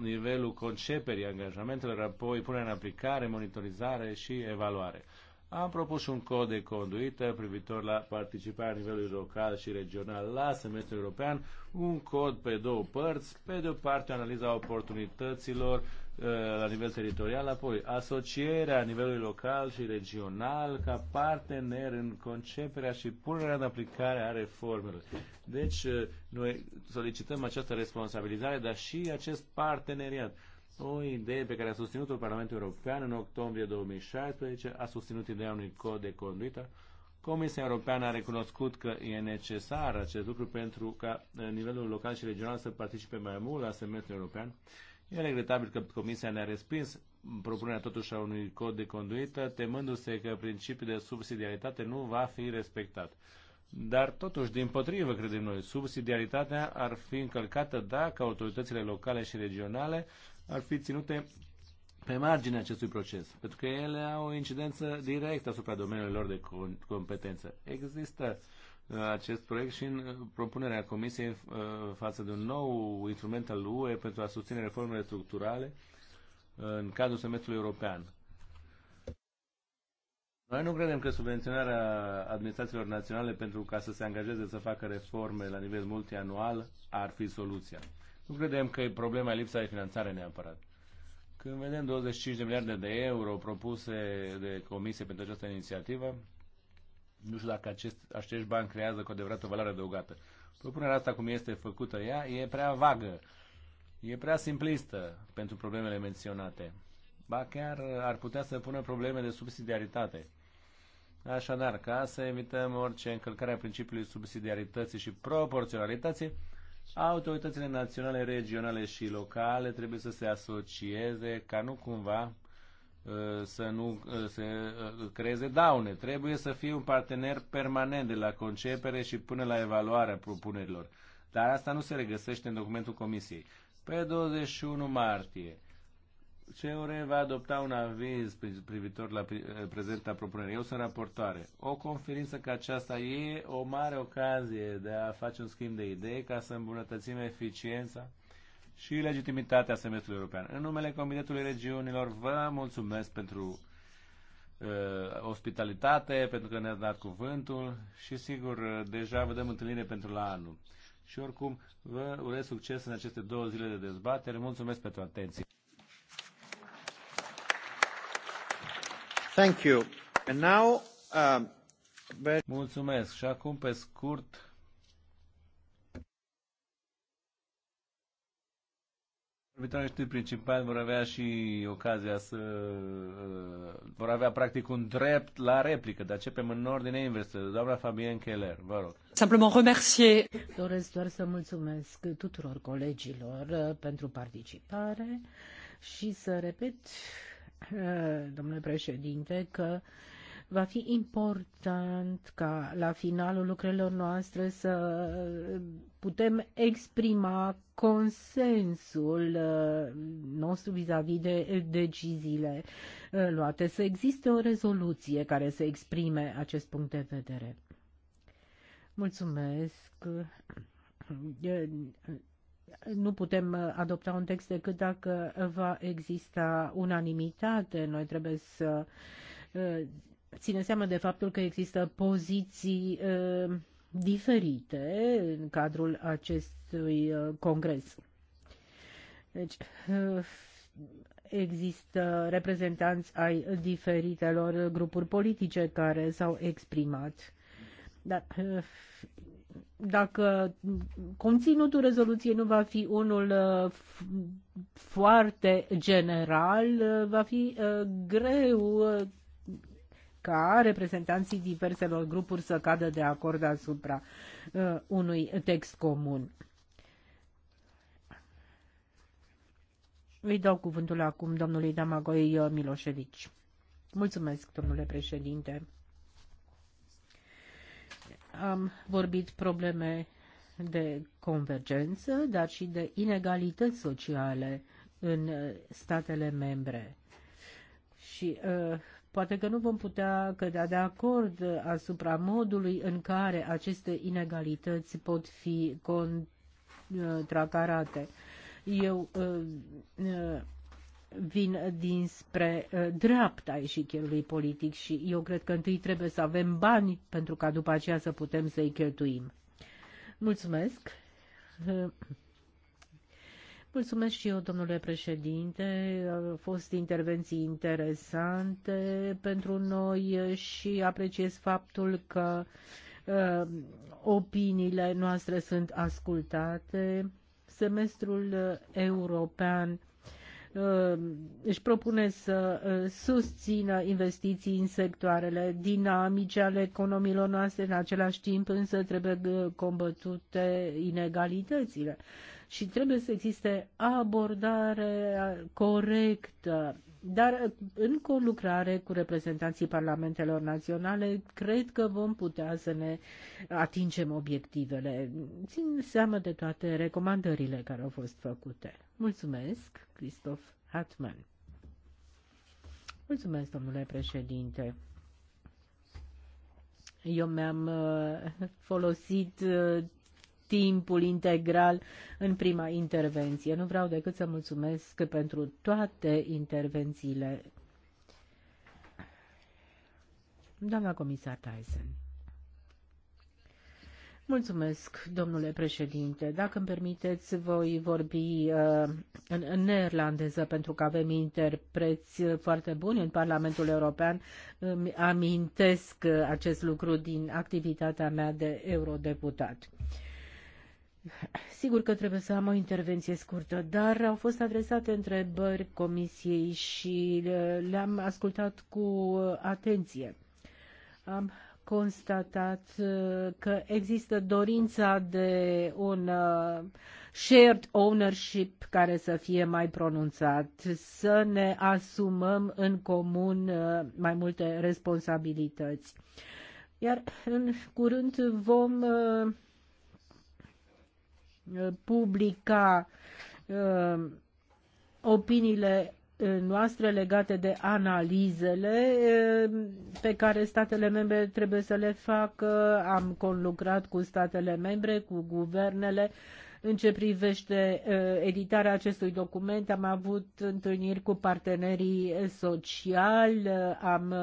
S3: nivelul conceperii angajamentelor, apoi punerea în aplicare, monitorizare și evaluare. Am propus un cod de conduită privitor la participarea nivelului local și regional la semestrul european, un cod pe două părți, pe de o parte analiza oportunităților eh, la nivel teritorial, apoi asocierea nivelului local și regional ca partener în conceperea și punerea în aplicare a reformelor. Deci, eh, noi solicităm această responsabilizare, dar și acest parteneriat o idee pe care a susținut-o Parlamentul European în octombrie 2016, a susținut ideea unui cod de conduită. Comisia Europeană a recunoscut că e necesar acest lucru pentru ca nivelul local și regional să participe mai mult la semestrul european. E regretabil că Comisia ne-a respins propunerea totuși a unui cod de conduită, temându-se că principiul de subsidiaritate nu va fi respectat. Dar totuși, din potrivă, credem noi, subsidiaritatea ar fi încălcată dacă autoritățile locale și regionale ar fi ținute pe marginea acestui proces, pentru că ele au o incidență directă asupra domeniului lor de competență. Există uh, acest proiect și în uh, propunerea Comisiei uh, față de un nou instrument al UE pentru a susține reformele structurale în cadrul semestrului european. Noi nu credem că subvenționarea administrațiilor naționale pentru ca să se angajeze să facă reforme la nivel multianual ar fi soluția. Nu credem că e problema lipsa de finanțare neapărat. Când vedem 25 de miliarde de euro propuse de comisie pentru această inițiativă, nu știu dacă acest, acești bani creează cu adevărat o valoare adăugată. Propunerea asta, cum este făcută ea, e prea vagă, e prea simplistă pentru problemele menționate. Ba chiar ar putea să pună probleme de subsidiaritate. Așadar, ca să evităm orice încălcare a principiului subsidiarității și proporționalității, autoritățile naționale, regionale și locale trebuie să se asocieze ca nu cumva uh, să nu uh, se uh, creeze daune. Trebuie să fie un partener permanent de la concepere și până la evaluarea propunerilor. Dar asta nu se regăsește în documentul Comisiei. Pe 21 martie ce ore va adopta un aviz privitor la eh, prezenta propunere. Eu sunt raportoare. O conferință ca aceasta e o mare ocazie de a face un schimb de idei ca să îmbunătățim eficiența și legitimitatea semestrului european. În numele Comitetului Regiunilor vă mulțumesc pentru uh, ospitalitate, pentru că ne-ați dat cuvântul și sigur deja vă dăm întâlnire pentru la anul. Și oricum vă urez succes în aceste două zile de dezbatere. Mulțumesc pentru atenție.
S1: Um,
S3: mulțumesc. Și acum, pe scurt, Viitorii noștri principal. vor avea și ocazia să uh, vor avea practic un drept la replică, dar pe în ordine inversă. Doamna Fabienne Keller, vă rog. Simplement
S1: remercier. Doresc doar să mulțumesc tuturor colegilor uh, pentru participare și să repet [COUGHS] domnule președinte, că va fi important ca la finalul lucrărilor noastre să putem exprima consensul uh, nostru vis-a-vis -vis de deciziile uh, luate, să existe o rezoluție care să exprime acest punct de vedere. Mulțumesc nu putem uh, adopta un text decât dacă va exista unanimitate. Noi trebuie să uh, ținem seama de faptul că există poziții uh, diferite în cadrul acestui congres. Deci, există reprezentanți ai diferitelor grupuri politice care s-au exprimat. Dar dacă conținutul rezoluției nu va fi unul uh, foarte general, uh, va fi uh, greu ca reprezentanții diverselor grupuri să cadă de acord asupra unui text comun. Îi dau cuvântul acum domnului Damagoi Miloșevici. Mulțumesc, domnule președinte am vorbit probleme de convergență, dar și de inegalități sociale în uh, statele membre. Și uh, poate că nu vom putea cădea de acord uh, asupra modului în care aceste inegalități pot fi contracarate. Eu uh, uh, vin dinspre uh, dreapta eșichierului politic și eu cred că întâi trebuie să avem bani pentru ca după aceea să putem să-i cheltuim. Mulțumesc! Mulțumesc și eu, domnule președinte. Au fost intervenții interesante pentru noi și apreciez faptul că uh, opiniile noastre sunt ascultate. Semestrul european Uh, își propune să uh, susțină investiții în sectoarele dinamice ale economiilor noastre, în același timp însă trebuie uh, combătute inegalitățile și trebuie să existe abordare corectă, dar în conlucrare cu reprezentanții parlamentelor naționale, cred că vom putea să ne atingem obiectivele. Țin seama de toate recomandările care au fost făcute. Mulțumesc, Christoph Hartmann. Mulțumesc, domnule președinte. Eu mi-am uh, folosit uh, timpul integral în prima intervenție. Nu vreau decât să mulțumesc pentru toate intervențiile. Doamna comisar Tyson. Mulțumesc, domnule președinte. Dacă îmi permiteți, voi vorbi uh, în neerlandeză pentru că avem interpreți foarte buni în Parlamentul European. Îmi amintesc uh, acest lucru din activitatea mea de eurodeputat. Sigur că trebuie să am o intervenție scurtă, dar au fost adresate întrebări comisiei și uh, le-am ascultat cu uh, atenție. Am constatat uh, că există dorința de un uh, shared ownership care să fie mai pronunțat, să ne asumăm în comun uh, mai multe responsabilități. Iar în curând vom publica opiniile noastre legate de analizele pe care statele membre trebuie să le facă. Am conlucrat cu statele membre, cu guvernele. În ce privește editarea acestui document, am avut întâlniri cu partenerii sociali, am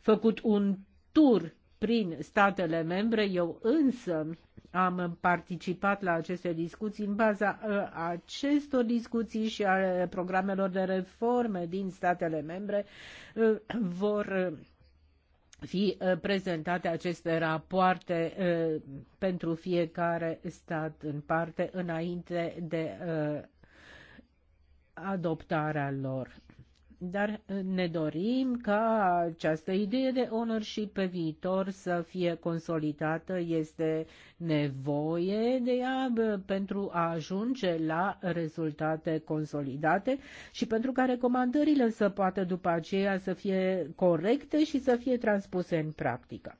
S1: făcut un tur prin statele membre, eu însă am participat la aceste discuții în baza uh, acestor discuții și a programelor de reforme din statele membre uh, vor uh, fi prezentate aceste rapoarte pentru fiecare stat în parte înainte de adoptarea lor dar uh, ne dorim ca această idee de ownership pe viitor să fie consolidată, este nevoie de ea pentru a ajunge la rezultate consolidate și pentru ca recomandările să poată după aceea să fie corecte și să fie transpuse în practică.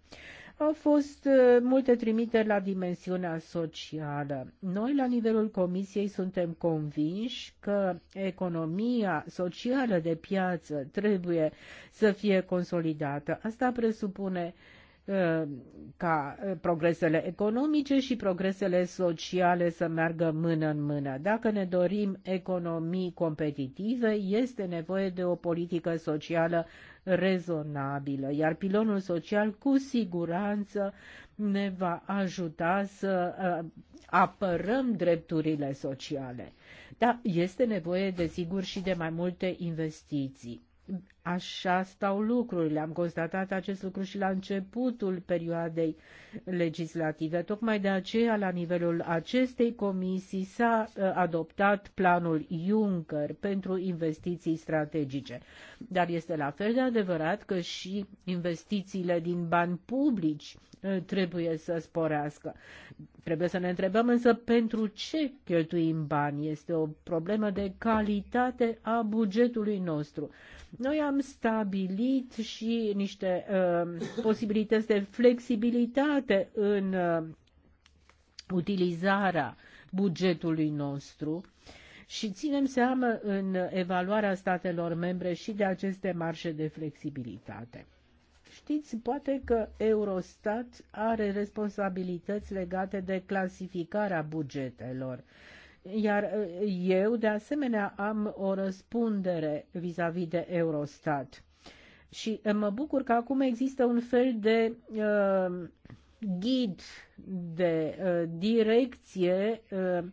S1: Au fost uh, multe trimiteri la dimensiunea socială. Noi, la nivelul Comisiei, suntem convinși că economia socială de piață trebuie să fie consolidată. Asta presupune uh, Uh, ca uh, progresele economice și progresele sociale să meargă mână în mână. Dacă ne dorim economii competitive, este nevoie de o politică socială rezonabilă, iar pilonul social cu siguranță ne va ajuta să uh, apărăm drepturile sociale. Dar este nevoie, desigur, și de mai multe investiții. Așa stau lucrurile. Am constatat acest lucru și la începutul perioadei legislative. Tocmai de aceea, la nivelul acestei comisii, s-a ă, adoptat planul Juncker pentru investiții strategice. Dar este la fel de adevărat că și investițiile din bani publici Uh, trebuie să sporească. Trebuie să ne întrebăm însă pentru ce cheltuim bani. Este o problemă de calitate a bugetului nostru. Noi am stabilit și niște uh, posibilități de flexibilitate în uh, utilizarea bugetului nostru și ținem seama în evaluarea statelor membre și de aceste marșe de flexibilitate. Știți, poate că Eurostat are responsabilități legate de clasificarea bugetelor. Iar eh, eu, de asemenea, am o răspundere vis-a-vis -vis de Eurostat. Și eh, mă bucur că acum există un fel de uh, ghid, de uh, direcție uh,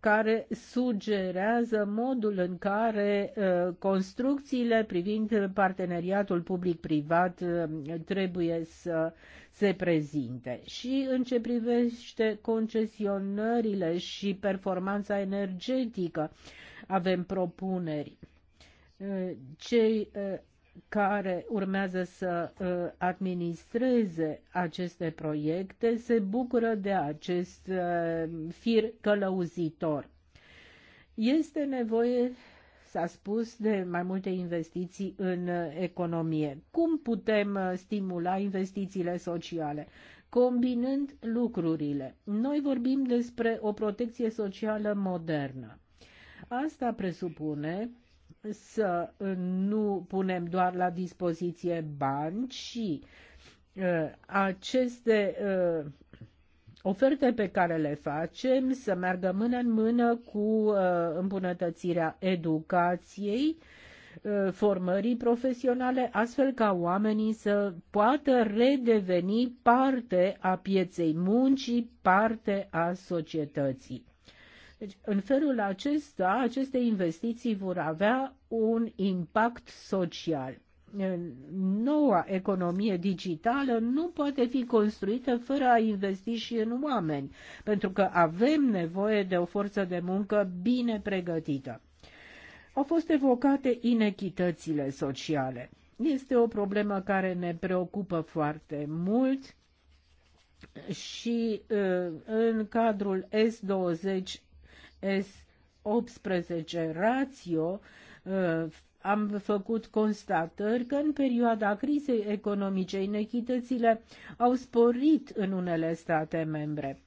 S1: care sugerează modul în care uh, construcțiile privind parteneriatul public-privat uh, trebuie să se prezinte. Și în ce privește concesionările și performanța energetică, avem propuneri. Uh, cei care urmează să uh, administreze aceste proiecte se bucură de acest uh, fir călăuzitor. Este nevoie, s-a spus, de mai multe investiții în uh, economie. Cum putem stimula investițiile sociale? Combinând lucrurile. Noi vorbim despre o protecție socială modernă. Asta presupune să nu punem doar la dispoziție bani, ci uh, aceste uh, oferte pe care le facem să meargă mână în mână cu uh, îmbunătățirea educației, formării profesionale, astfel ca oamenii să poată redeveni parte a pieței muncii, parte a societății. Deci, în felul acesta, aceste investiții vor avea un impact social. Noua economie digitală nu poate fi construită fără a investi și în oameni, pentru că avem nevoie de o forță de muncă bine pregătită. Au fost evocate inechitățile sociale. Este o problemă care ne preocupă foarte mult și uh, în cadrul S20 S18 ratio, uh, am făcut constatări că în perioada crizei economice inechitățile au sporit în unele state membre.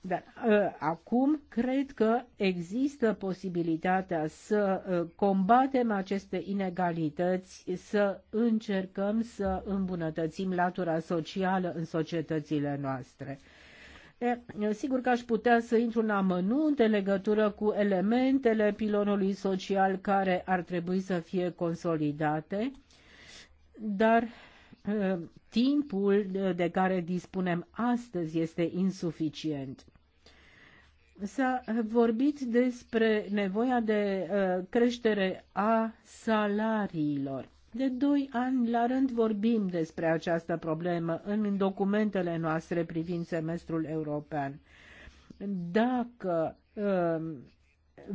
S1: Dar uh, acum cred că există posibilitatea să uh, combatem aceste inegalități, să încercăm să îmbunătățim latura socială în societățile noastre. E, sigur că aș putea să intru în amănunt în legătură cu elementele pilonului social care ar trebui să fie consolidate, dar e, timpul de care dispunem astăzi este insuficient. S-a vorbit despre nevoia de e, creștere a salariilor. De doi ani la rând vorbim despre această problemă în documentele noastre privind semestrul european. Dacă uh,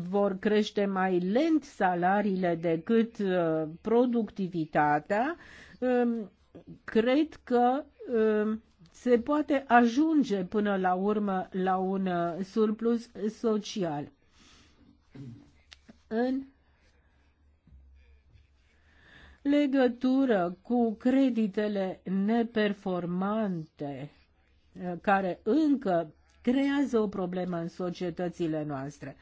S1: vor crește mai lent salariile decât uh, productivitatea, uh, cred că um, se poate ajunge până la urmă la un uh, surplus social. În legătură cu creditele neperformante uh, care încă creează o problemă în societățile noastre.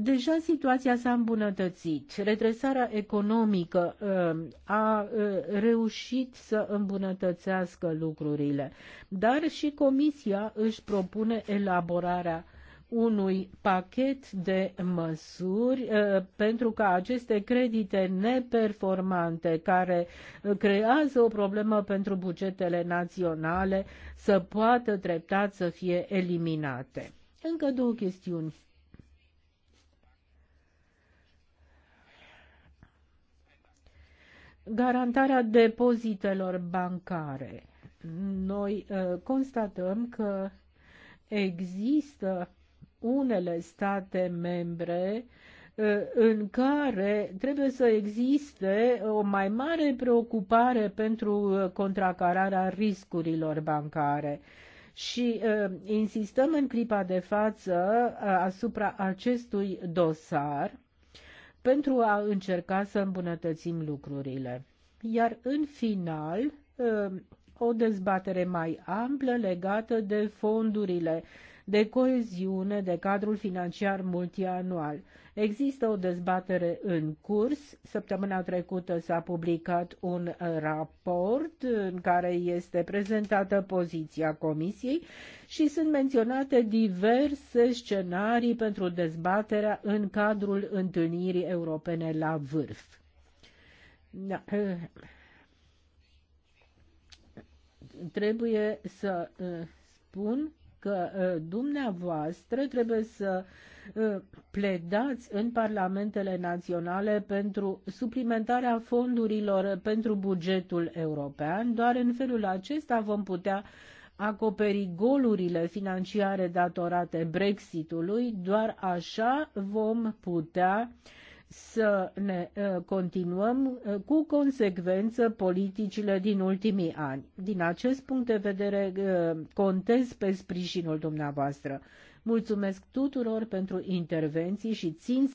S1: Deja situația s-a îmbunătățit. Redresarea economică uh, a uh, reușit să îmbunătățească lucrurile, dar și Comisia își propune elaborarea unui pachet de măsuri uh, pentru ca aceste credite neperformante care creează o problemă pentru bugetele naționale să poată treptat să fie eliminate. Încă două chestiuni. Garantarea depozitelor bancare. Noi uh, constatăm că există unele state membre uh, în care trebuie să existe o mai mare preocupare pentru uh, contracararea riscurilor bancare. Și uh, insistăm în clipa de față asupra acestui dosar pentru a încerca să îmbunătățim lucrurile. Iar în final, o dezbatere mai amplă legată de fondurile de coeziune, de cadrul financiar multianual. Există o dezbatere în curs. Săptămâna trecută s-a publicat un uh, raport în care este prezentată poziția Comisiei și sunt menționate diverse scenarii pentru dezbaterea în cadrul întâlnirii europene la vârf. Da trebuie să uh, spun că ă, dumneavoastră trebuie să ă, pledați în parlamentele naționale pentru suplimentarea fondurilor pentru bugetul european. Doar în felul acesta vom putea acoperi golurile financiare datorate Brexitului, doar așa vom putea uh, să ne uh, continuăm uh, cu consecvență politicile din ultimii ani. Din acest punct de vedere, uh, contez pe sprijinul dumneavoastră. Mulțumesc tuturor pentru intervenții și țin